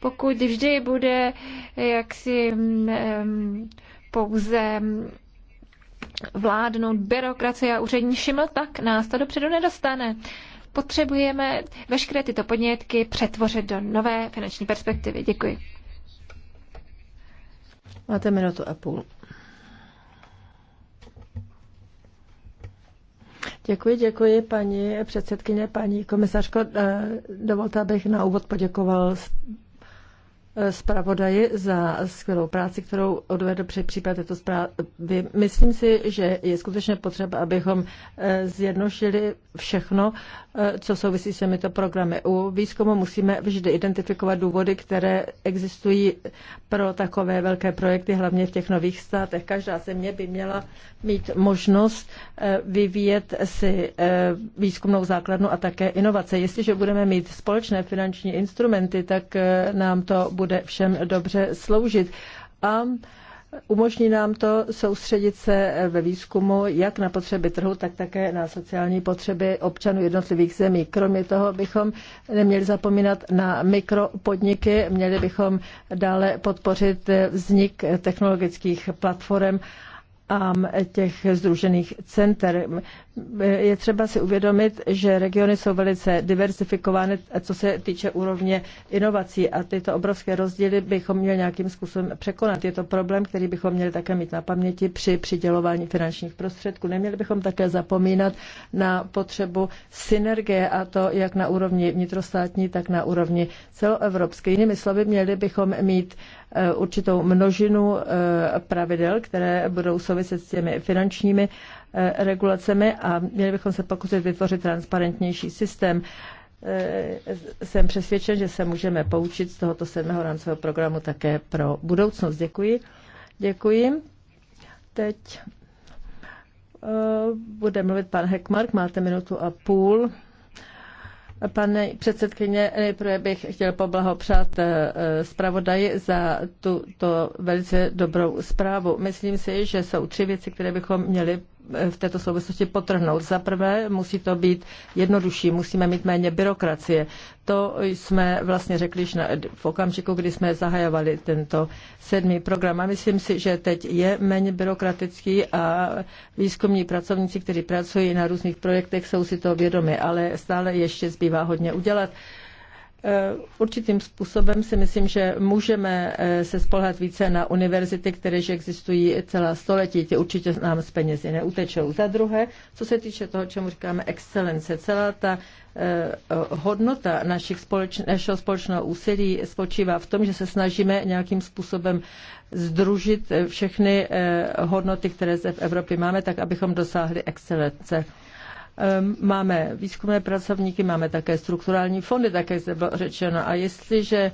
Pokud vždy bude jaksi mm, pouze mm, vládnout byrokracie a úřední šiml, tak nás to dopředu nedostane. Potřebujeme veškeré tyto podnětky přetvořit do nové finanční perspektivy. Děkuji. Máte minutu a půl. Děkuji, děkuji, paní předsedkyně, paní komisařko. Eh, dovolte, abych na úvod poděkoval Eh, zpravodaji za skvělou práci, kterou odvedl při případ této zprávy. Myslím si, že je skutečně potřeba, abychom eh, zjednošili všechno, eh, co souvisí s těmito programy. U výzkumu musíme vždy identifikovat důvody, které existují pro takové velké projekty, hlavně v těch nových státech. Každá země by měla mít možnost vyvíjet si výzkumnou základnu a také inovace. Jestliže budeme mít společné finanční instrumenty, tak nám to bude bude všem dobře sloužit. A Umožní nám to soustředit se ve výzkumu jak na potřeby trhu, tak také na sociální potřeby občanů jednotlivých zemí. Kromě toho bychom neměli zapomínat na mikropodniky, měli bychom dále podpořit vznik technologických platform a těch združených center je třeba si uvědomit, že regiony jsou velice diversifikovány, co se týče úrovně inovací a tyto obrovské rozdíly bychom měli nějakým způsobem překonat. Je to problém, který bychom měli také mít na paměti při přidělování finančních prostředků. Neměli bychom také zapomínat na potřebu synergie a to jak na úrovni vnitrostátní, tak na úrovni celoevropské. Jinými slovy, měli bychom mít eh, určitou množinu eh, pravidel, které budou souviset s těmi finančními Eh, regulacemi a měli bychom se pokusit vytvořit transparentnější systém. Eh, jsem přesvědčen, že se můžeme poučit z tohoto sedmého rámcového programu také pro budoucnost. Děkuji. Děkuji. Teď eh, bude mluvit pan Heckmark, máte minutu a půl. Pane předsedkyně, nejprve bych chtěl poblahopřát zpravodaji za tuto velice dobrou zprávu. Myslím si, že jsou tři věci, které bychom měli v této souvislosti potrhnout. Za prvé musí to být jednodušší, musíme mít méně byrokracie. To jsme vlastně řekli na, v okamžiku, kdy jsme zahajovali tento sedmý program. A myslím si, že teď je méně byrokratický a výzkumní pracovníci, kteří pracují na různých projektech, jsou si to vědomi, ale stále ještě zbývá hodně udělat. Eh, určitým způsobem si myslím, že můžeme eh, se spolehat více na univerzity, které že existují celá století. Ty určitě nám z penězi neutečou. Za druhé, co se týče toho, čemu říkáme excelence, celá ta eh, hodnota našich společ, našeho společného úsilí spočívá v tom, že se snažíme nějakým způsobem združit všechny hodnoty, které zde v Evropě máme, tak abychom dosáhli excelence. Ehm, máme výzkumné pracovníky, máme také strukturální fondy, také zde bylo řečeno. A jestliže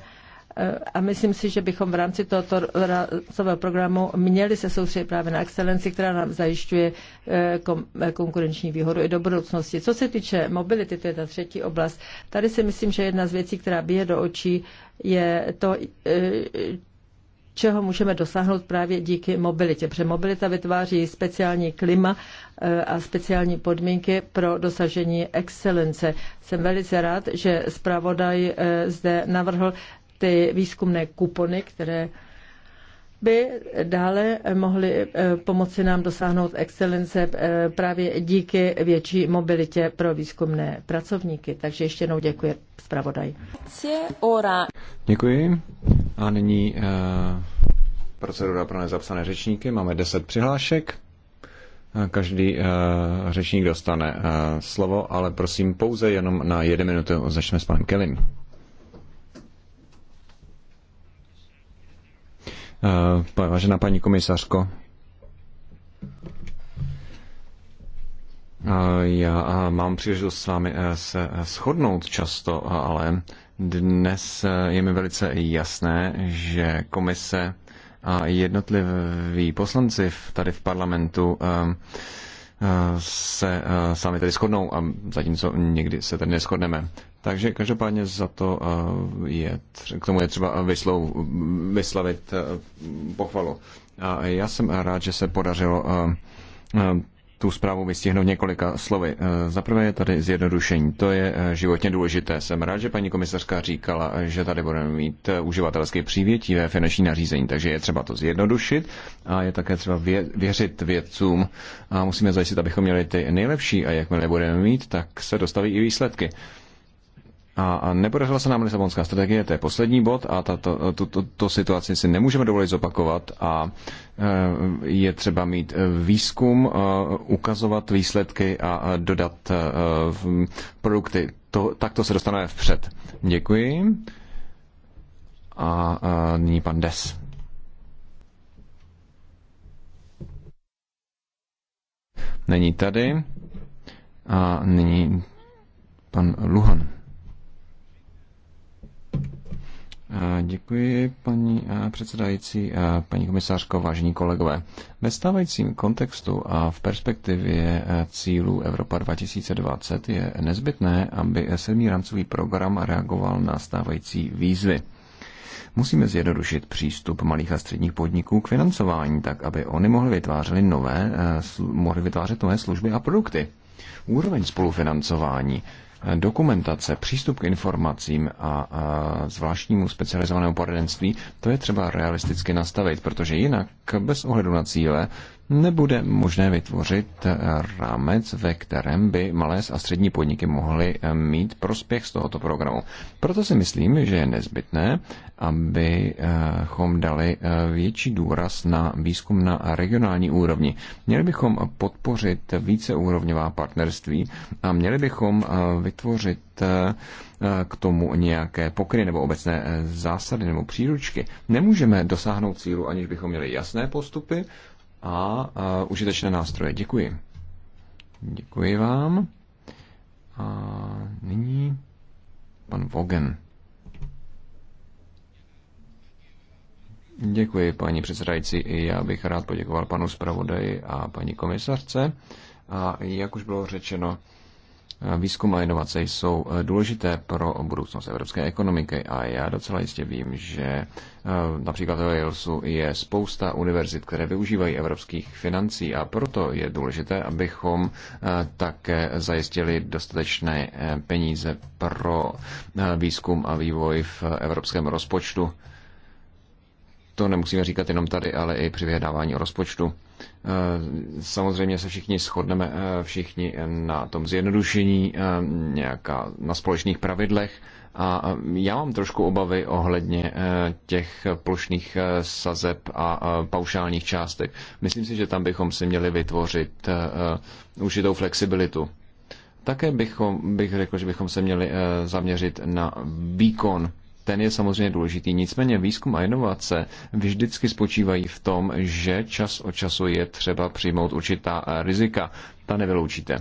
eh, a myslím si, že bychom v rámci tohoto rámcového programu měli se soustředit právě na excelenci, která nám zajišťuje eh, eh, konkurenční výhodu i do budoucnosti. Co se týče mobility, to je ta třetí oblast, tady si myslím, že jedna z věcí, která bije do očí, je to, čeho můžeme dosáhnout právě díky mobilitě. Protože mobilita vytváří speciální klima eh, a speciální podmínky pro dosažení excelence. Jsem velice rád, že zpravodaj eh, zde navrhl ty výzkumné kupony, které by dále mohly eh, pomoci nám dosáhnout excelence eh, právě díky větší mobilitě pro výzkumné pracovníky. Takže ještě jednou děkuji zpravodaj. Děkuji. A nyní uh, procedura pro nezapsané řečníky. Máme 10 přihlášek. Každý uh, řečník dostane uh, slovo, ale prosím pouze jenom na jednu minutu. Začneme s panem Kelim. Eh, vážená paní komisařko, eh, já eh, mám příležitost s vámi se shodnout často, ale dnes je mi velice jasné, že komise a jednotliví poslanci tady v parlamentu ehm, se sami tady shodnou a zatímco někdy se tady neschodneme. Takže každopádně za to eh, je, k tomu je třeba eh, vyslou, vyslavit eh, pochvalu. A já jsem rád, že se podařilo tu zprávu vystihnout několika slovy. Za prvé je tady zjednodušení. To je životně důležité. Jsem rád, že paní komisařka říkala, že tady budeme mít uživatelské přívětí ve finanční nařízení, takže je třeba to zjednodušit a je také třeba věřit vědcům a musíme zajistit, abychom měli ty nejlepší a jakmile budeme mít, tak se dostaví i výsledky. A, a nepodařila se nám Lisabonská strategie, to je poslední bod a tato, tu, tu, tu situaci si nemůžeme dovolit zopakovat a eh, je třeba mít eh, výzkum, eh, ukazovat výsledky a dodat produkty. To, tak to se dostaneme vpřed. Děkuji. A, a nyní pan Des. Není tady. A nyní pan Luhan. Děkuji, paní předsedající, paní komisářko, vážení kolegové. Ve stávajícím kontextu a v perspektivě e, cílů Evropa 2020 je nezbytné, aby sedmý rámcový program reagoval na stávající výzvy. Musíme zjednodušit přístup malých a středních podniků k financování, tak aby oni mohli vytvářet nové, e, mohli vytvářet nové služby a produkty. Úroveň spolufinancování dokumentace, přístup k informacím a, zvláštnímu specializovanému poradenství, to je třeba realisticky nastavit, protože jinak bez ohledu na cíle nebude možné vytvořit eh, rámec, ve kterém by malé a střední podniky mohly eh, mít prospěch z tohoto programu. Proto si myslím, že je nezbytné, abychom dali eh, větší důraz na výzkum na regionální úrovni. Měli bychom podpořit víceúrovňová partnerství a měli bychom vytvořit k tomu nějaké pokry nebo obecné zásady nebo příručky. Nemůžeme dosáhnout cílu, aniž bychom měli jasné postupy, a, uh, užitečné nástroje. Děkuji. Děkuji vám. A nyní pan Vogen. Děkuji, paní předsedající. I já bych rád poděkoval panu zpravodaji a paní komisařce. A jak už bylo řečeno, Výzkum a inovace jsou eh, důležité pro budoucnost evropské ekonomiky a já docela jistě vím, že eh, například v Walesu je spousta univerzit, které využívají evropských financí a proto je důležité, abychom eh, také zajistili dostatečné peníze pro výzkum a vývoj v evropském rozpočtu. To nemusíme říkat jenom tady, ale i při vyhledávání rozpočtu. Eh, samozřejmě se všichni shodneme eh, všichni na tom zjednodušení, eh, nějaká, na společných pravidlech. A já mám trošku obavy ohledně těch plošných sazeb a paušálních částek. Myslím si, že tam bychom si měli vytvořit určitou flexibilitu. Také bychom, bych řekl, že bychom se měli zaměřit na výkon ten je samozřejmě důležitý. Nicméně výzkum a inovace vždycky spočívají v tom, že čas od času je třeba přijmout určitá eh, rizika. Ta nevyloučíte.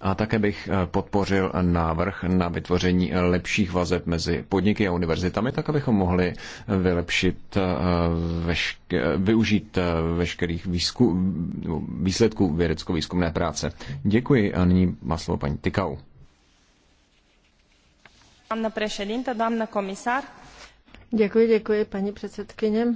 A také bych eh, podpořil návrh na vytvoření lepších vazeb mezi podniky a univerzitami, tak abychom mohli vylepšit, eh, vešk- využít veškerých výzku- výsledků vědecko-výzkumné práce. Děkuji a nyní má slovo paní Tykau. Děkuji, děkuji, paní předsedkyně. E,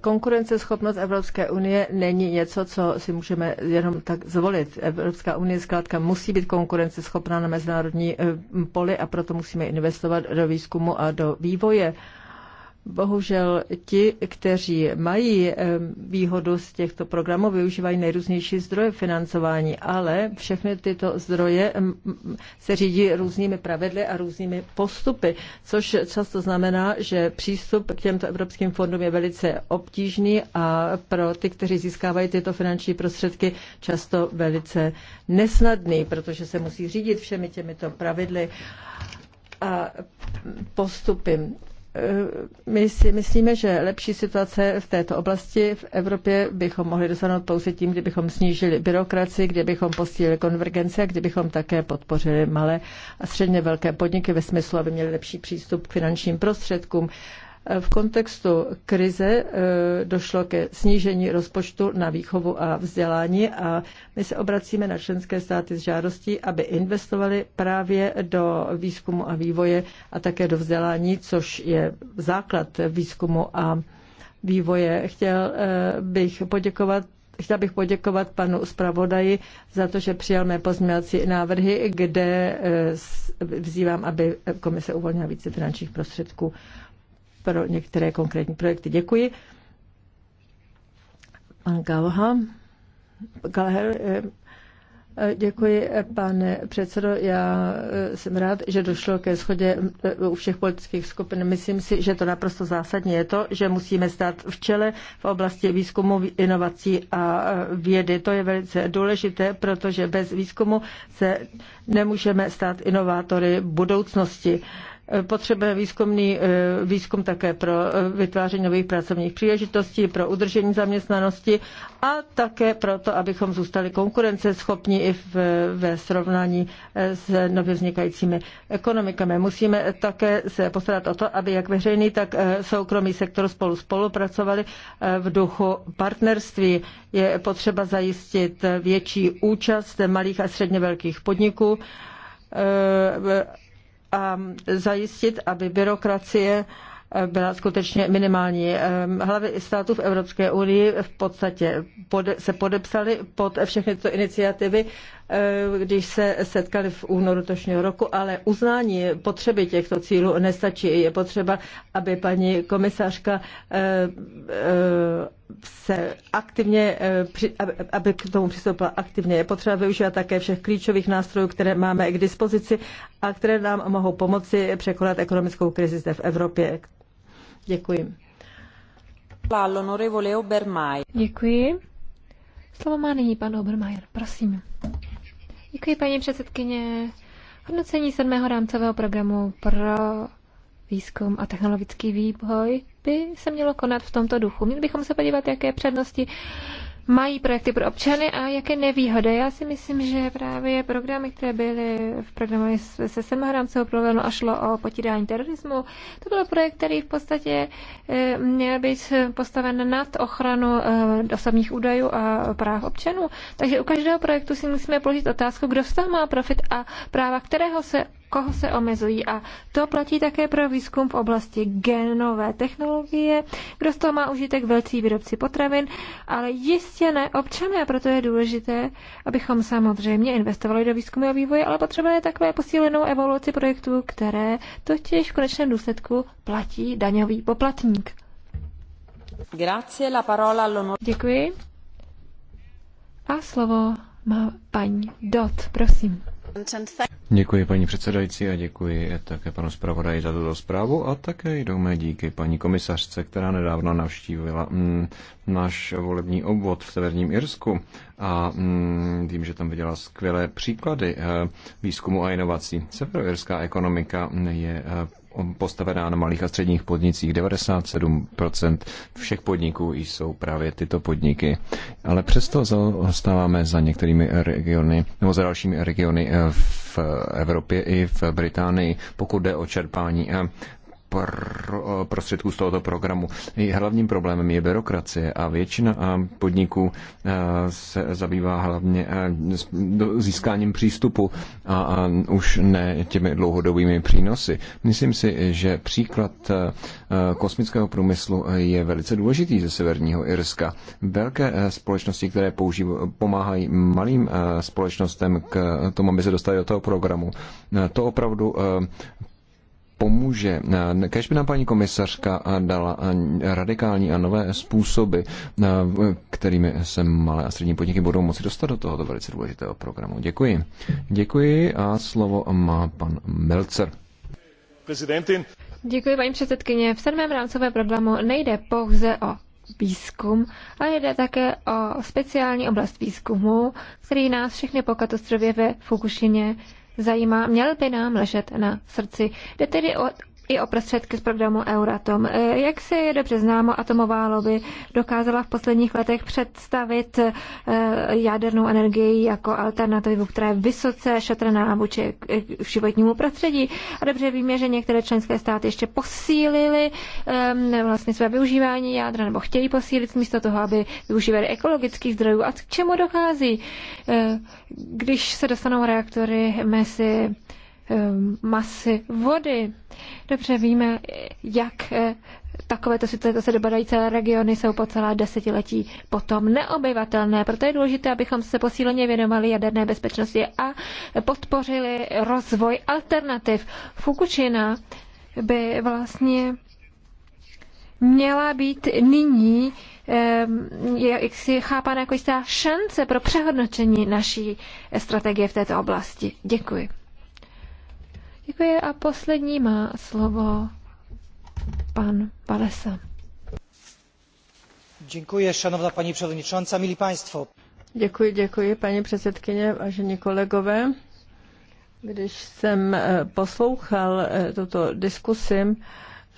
konkurenceschopnost Evropské unie není něco, co si můžeme jenom tak zvolit. Evropská unie zkrátka musí být konkurenceschopná na mezinárodní e, poli a proto musíme investovat do výzkumu a do vývoje. Bohužel ti, kteří mají eh, výhodu z těchto programů, využívají nejrůznější zdroje financování, ale všechny tyto zdroje mm, mm, se řídí různými pravidly a různými postupy, což často znamená, že přístup k těmto evropským fondům je velice obtížný a pro ty, kteří získávají tyto finanční prostředky, často velice nesnadný, protože se musí řídit všemi těmito pravidly a postupy. Eh, my si myslíme, že lepší situace v této oblasti v Evropě bychom mohli dosáhnout pouze tím, kdybychom snížili byrokracii, kdybychom posílili konvergenci a kdybychom také podpořili malé a středně velké podniky ve smyslu, aby měli lepší přístup k finančním prostředkům, v kontextu krize eh, došlo ke snížení rozpočtu na výchovu a vzdělání a my se obracíme na členské státy s žádostí, aby investovali právě do výzkumu a vývoje a také do vzdělání, což je základ výzkumu a vývoje. Chtěl eh, bych poděkovat Chtěla bych poděkovat panu zpravodaji za to, že přijal mé pozměňovací návrhy, kde eh, vzývám, aby komise uvolnila více finančních prostředků pro některé konkrétní projekty. Děkuji. Pan Galha. Galher, eh, eh, Děkuji, eh, pane předsedo. Já jsem rád, že došlo ke schodě u všech politických skupin. Myslím si, že to naprosto zásadně je to, že musíme stát v čele v oblasti výzkumu, inovací a vědy. To je velice důležité, protože bez výzkumu se nemůžeme stát inovátory budoucnosti. Potřebuje výzkumný eh, výzkum také pro eh, vytváření nových pracovních příležitostí, pro udržení zaměstnanosti a také pro to, abychom zůstali konkurenceschopní i v, ve srovnání eh, s nově vznikajícími ekonomikami. Musíme také se postarat o to, aby jak veřejný, tak soukromý sektor spolu spolupracovali v duchu partnerství. Je potřeba zajistit větší účast malých a středně velkých podniků a zajistit, aby byrokracie eh, byla skutečně minimální. Eh, hlavy států v Evropské unii v podstatě se podepsaly pod všechny tyto iniciativy Eh, když se setkali v únoru tošního roku, ale uznání potřeby těchto cílů nestačí. Je potřeba, aby paní komisařka eh, eh, se aktivně, aby k tomu přistoupila aktivně. Je potřeba využívat také všech klíčových nástrojů, které máme k dispozici a které nám mohou pomoci překonat ekonomickou krizi zde v Evropě. Děkuji. Děkuji. Slovo má nyní pan Obermeier, prosím. Děkuji, paní předsedkyně. Hodnocení sedmého rámcového programu pro výzkum a technologický výboj. by se mělo konat v tomto duchu. Měli bychom se podívat, jaké přednosti mají projekty pro občany a jaké nevýhody. Já si myslím, že právě programy, které byly v programu se sedmohrámcovou problému a šlo o potírání terorismu, to byl projekt, který v podstatě eh, měl být postaven nad ochranu eh, osobních údajů a práv občanů. Takže u každého projektu si musíme položit otázku, kdo z toho má profit a práva kterého se koho se omezují. A to platí také pro výzkum v oblasti genové technologie, kdo z toho má užitek velcí výrobci potravin, ale jistě ne občané, proto je důležité, abychom samozřejmě investovali do výzkumu a vývoje, ale potřebujeme takové posílenou evoluci projektů, které totiž v konečném důsledku platí daňový poplatník. Děkuji. A slovo má paní Dot, prosím. Děkuji paní předsedající a děkuji také panu zpravodaji za tuto zprávu a také jdou mé díky paní komisařce, která nedávno navštívila mm, náš volební obvod v Severním Irsku a mm, vím, že tam viděla skvělé příklady e, výzkumu a inovací. Severoirská ekonomika je e, postavená na malých a středních podnicích. 97% všech podniků jsou právě tyto podniky. Ale přesto zůstáváme za některými regiony, nebo za dalšími regiony v Evropě i v Británii, pokud jde o čerpání pro, eh, prostředků z tohoto programu. Hlavním problémem je byrokracie a většina eh, podniků eh, se zabývá hlavně získáním přístupu a už ne těmi dlouhodobými přínosy. Myslím si, že příklad kosmického průmyslu je velice důležitý ze severního Irska. Velké společnosti, které použív, pomáhají malým společnostem k tomu, aby se dostali do toho programu, to opravdu pomůže. Eh, kež by nám paní komisařka eh, dala eh, radikální a nové způsoby, kterými se malé a střední podniky budou moci dostat do tohoto velice důležitého programu. Děkuji. Děkuji a slovo má pan Melcer. Prezidentin. Děkuji, paní předsedkyně. V sedmém rámcovém programu nejde pouze o výzkum, ale jde také o speciální oblast výzkumu, který nás všechny po katastrofě ve Fukušině zajímá, měl by nám ležet na srdci. Jde tedy o i o prostředky z programu Euratom. E, jak se je dobře známo, atomová lobby dokázala v posledních letech představit e, jadernou energii jako alternativu, která je vysoce šetrná vůči v e, životnímu prostředí. A dobře víme, že některé členské státy ještě posílily vlastně své využívání jádra nebo chtějí posílit místo toho, aby využívali ekologických zdrojů. A k čemu dochází, když se dostanou reaktory mezi Ehm, masy vody. Dobře víme, jak eh, takovéto situace dobadají celé regiony, jsou po celá desetiletí potom neobyvatelné. Proto je důležité, abychom se posíleně věnovali jaderné bezpečnosti a podpořili rozvoj alternativ. Fukušina by vlastně měla být nyní ehm, je, jak si chápána jako jistá šance pro přehodnocení naší strategie v této oblasti. Děkuji. Děkuji a poslední má slovo pan Palesa. Děkuji, šanovná paní předsedkyně, milí państwo. Děkuji, děkuji, paní předsedkyně, vážení kolegové. Když jsem eh, poslouchal eh, tuto diskusi,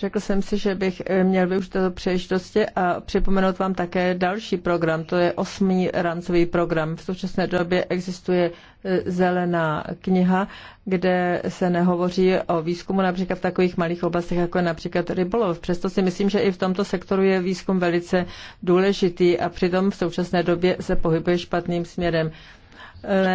Řekl jsem si, že bych eh, měl využít této příležitosti a připomenout vám také další program. To je osmý rancový program. V současné době existuje eh, zelená kniha, kde se nehovoří o výzkumu například v takových malých oblastech, jako například rybolov. Přesto si myslím, že i v tomto sektoru je výzkum velice důležitý a přitom v současné době se pohybuje špatným směrem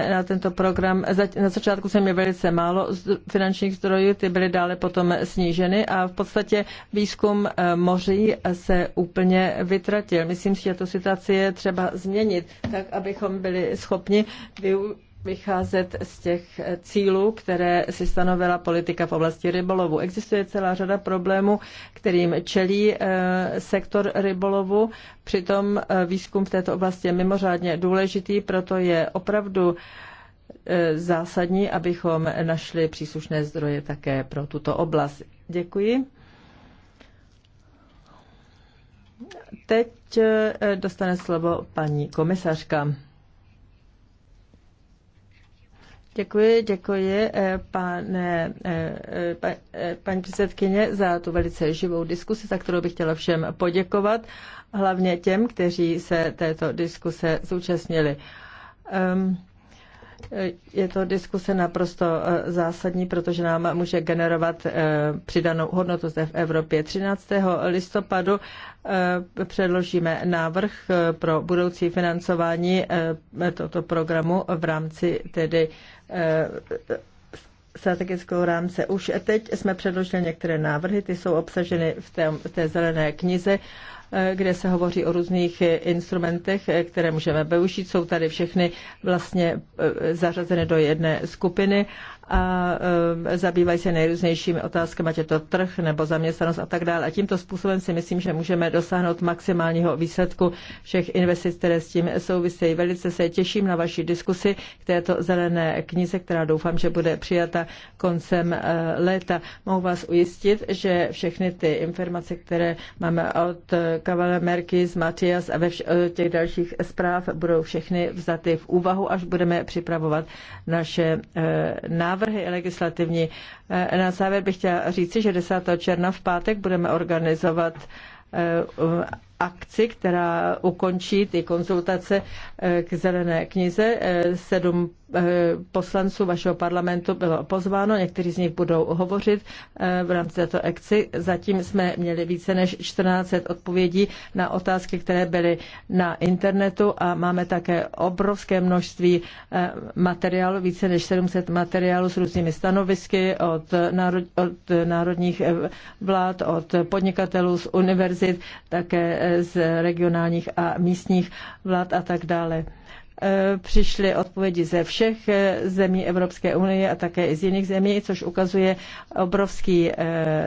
na tento program. Na začátku jsem měl velice málo finančních zdrojů, ty byly dále potom sníženy a v podstatě výzkum eh, moří se úplně vytratil. Myslím si, že tu situaci je třeba změnit, tak abychom byli schopni využít vycházet z těch cílů, které si stanovila politika v oblasti rybolovu. Existuje celá řada problémů, kterým čelí eh, sektor rybolovu. Přitom eh, výzkum v této oblasti je mimořádně důležitý, proto je opravdu eh, zásadní, abychom našli příslušné zdroje také pro tuto oblast. Děkuji. Teď dostane slovo paní komisařka. Děkuji, děkuji, eh, pane, eh, eh, paní předsedkyně, za tu velice živou diskusi, za kterou bych chtěla všem poděkovat, hlavně těm, kteří se této diskuse zúčastnili. Ehm, je to diskuse naprosto zásadní, protože nám může generovat přidanou hodnotu zde v Evropě. 13. listopadu předložíme návrh pro budoucí financování tohoto programu v rámci tedy Eh, strategického rámce. Už teď jsme předložili některé návrhy, ty jsou obsaženy v té, v té zelené knize, eh, kde se hovoří o různých instrumentech, eh, které můžeme využít. Jsou tady všechny vlastně zařazeny do jedné skupiny a e, zabývají se nejrůznějšími otázkami, ať je to trh nebo zaměstnanost a tak dále. A tímto způsobem si myslím, že můžeme dosáhnout maximálního výsledku všech investic, které s tím souvisejí. Velice se těším na vaši diskusi k této zelené knize, která doufám, že bude přijata koncem e, léta. Mohu vás ujistit, že všechny ty informace, které máme od Merky, z Matias a ve e, těch dalších zpráv, budou všechny vzaty v úvahu, až budeme připravovat naše návrhy návrhy legislativní. Eh, na závěr bych chtěla říci, že 10. června v pátek budeme organizovat eh, akci, která ukončí ty konzultace eh, k zelené knize. Eh, sedm eh, poslanců vašeho parlamentu bylo pozváno, někteří z nich budou hovořit v rámci této akci. Zatím jsme měli více než 14 odpovědí na otázky, které byly na internetu a máme také obrovské množství materiálu, více než 700 materiálů s různými stanovisky od, národ, od národních vlád, od podnikatelů z univerzit, také z regionálních a místních vlád a tak dále. E, přišly odpovědi ze všech e, zemí Evropské unie a také i z jiných zemí, což ukazuje obrovský e,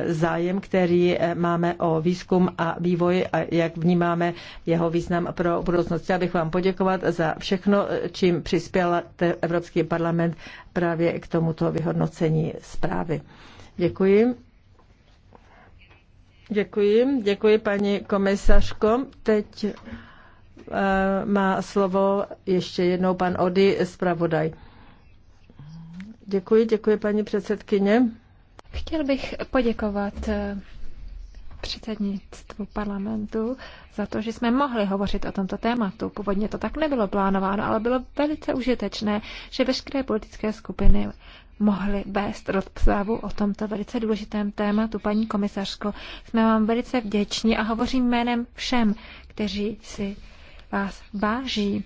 zájem, který máme o výzkum a vývoj a jak vnímáme jeho význam pro budoucnost. Chtěla bych vám poděkovat za všechno, čím přispěl Evropský parlament právě k tomuto vyhodnocení zprávy. Děkuji. Děkuji, děkuji paní komisařko. Teď eh, má slovo ještě jednou pan Ody, zpravodaj. Děkuji, děkuji paní předsedkyně. Chtěl bych poděkovat eh, předsednictvu parlamentu za to, že jsme mohli hovořit o tomto tématu. Původně to tak nebylo plánováno, ale bylo velice užitečné, že veškeré politické skupiny mohli vést rozpsávu o tomto velice důležitém tématu. Paní komisařko, jsme vám velice vděční a hovořím jménem všem, kteří si vás váží.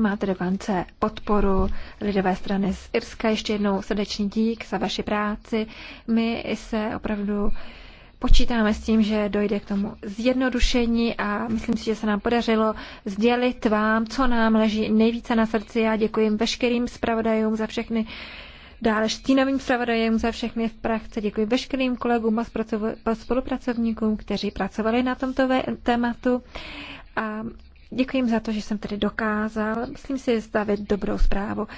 Máte dokonce podporu lidové strany z Irska. Ještě jednou srdečný dík za vaši práci. My se opravdu Počítáme s tím, že dojde k tomu zjednodušení a myslím si, že se nám podařilo sdělit vám, co nám leží nejvíce na srdci. Já děkuji veškerým zpravodajům za všechny Dále štínovým zpravodajům za všechny v prachce. děkuji veškerým kolegům a spolupracovníkům, kteří pracovali na tomto tématu. A Děkuji jim za to, že jsem tady dokázal, myslím si, stavit dobrou zprávu.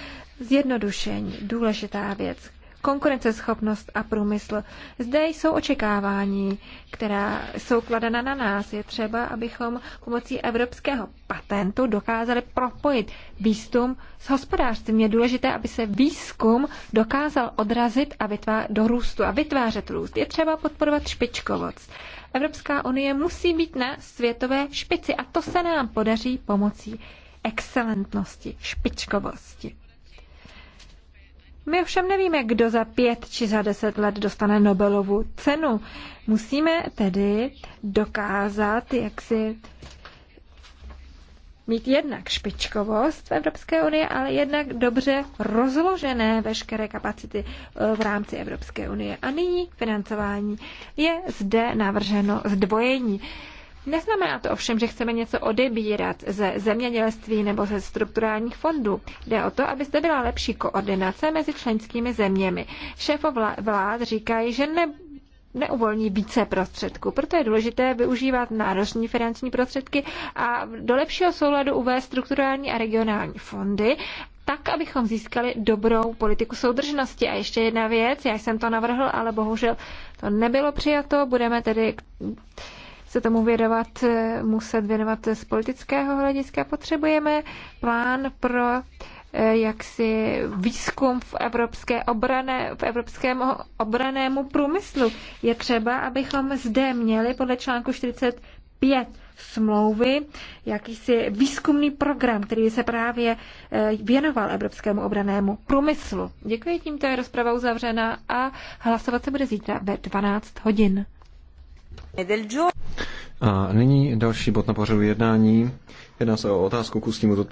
Zjednodušení, důležitá věc konkurenceschopnost a průmysl. Zde jsou očekávání, která jsou kladena na nás. Je třeba, abychom pomocí evropského patentu dokázali propojit výstum s hospodářstvím. Je důležité, aby se výzkum dokázal odrazit a vytvá- do růstu a vytvářet růst. Je třeba podporovat špičkovost. Evropská unie musí být na světové špici a to se nám podaří pomocí excelentnosti, špičkovosti. My ovšem nevíme, kdo za pět či za deset let dostane Nobelovu cenu. Musíme tedy dokázat, jak si mít jednak špičkovost v Evropské unii, ale jednak dobře rozložené veškeré kapacity eh, v rámci Evropské unie. A nyní financování. Je zde navrženo zdvojení. Neznamená to ovšem, že chceme něco odebírat ze zemědělství nebo ze strukturálních fondů. Jde o to, aby zde byla lepší koordinace mezi členskými zeměmi. Šéfo vlád říkají, že ne, neuvolní více prostředků. Proto je důležité využívat národní finanční prostředky a do lepšího souladu uvést strukturální a regionální fondy tak, abychom získali dobrou politiku soudržnosti. A ještě jedna věc, já jsem to navrhl, ale bohužel to nebylo přijato, budeme tedy se tomu věnovat, eh, muset věnovat z politického hlediska. Potřebujeme plán pro eh, jaksi výzkum v, evropské obrané, v evropském obranému průmyslu. Je třeba, abychom zde měli podle článku 45 smlouvy jakýsi výzkumný program, který se právě eh, věnoval evropskému obranému průmyslu. Děkuji, tímto je rozprava uzavřena a hlasovat se bude zítra ve 12 hodin. A nyní další bod na pořadu jednání. Jedná se o otázku k ústnímu zodpovědnosti.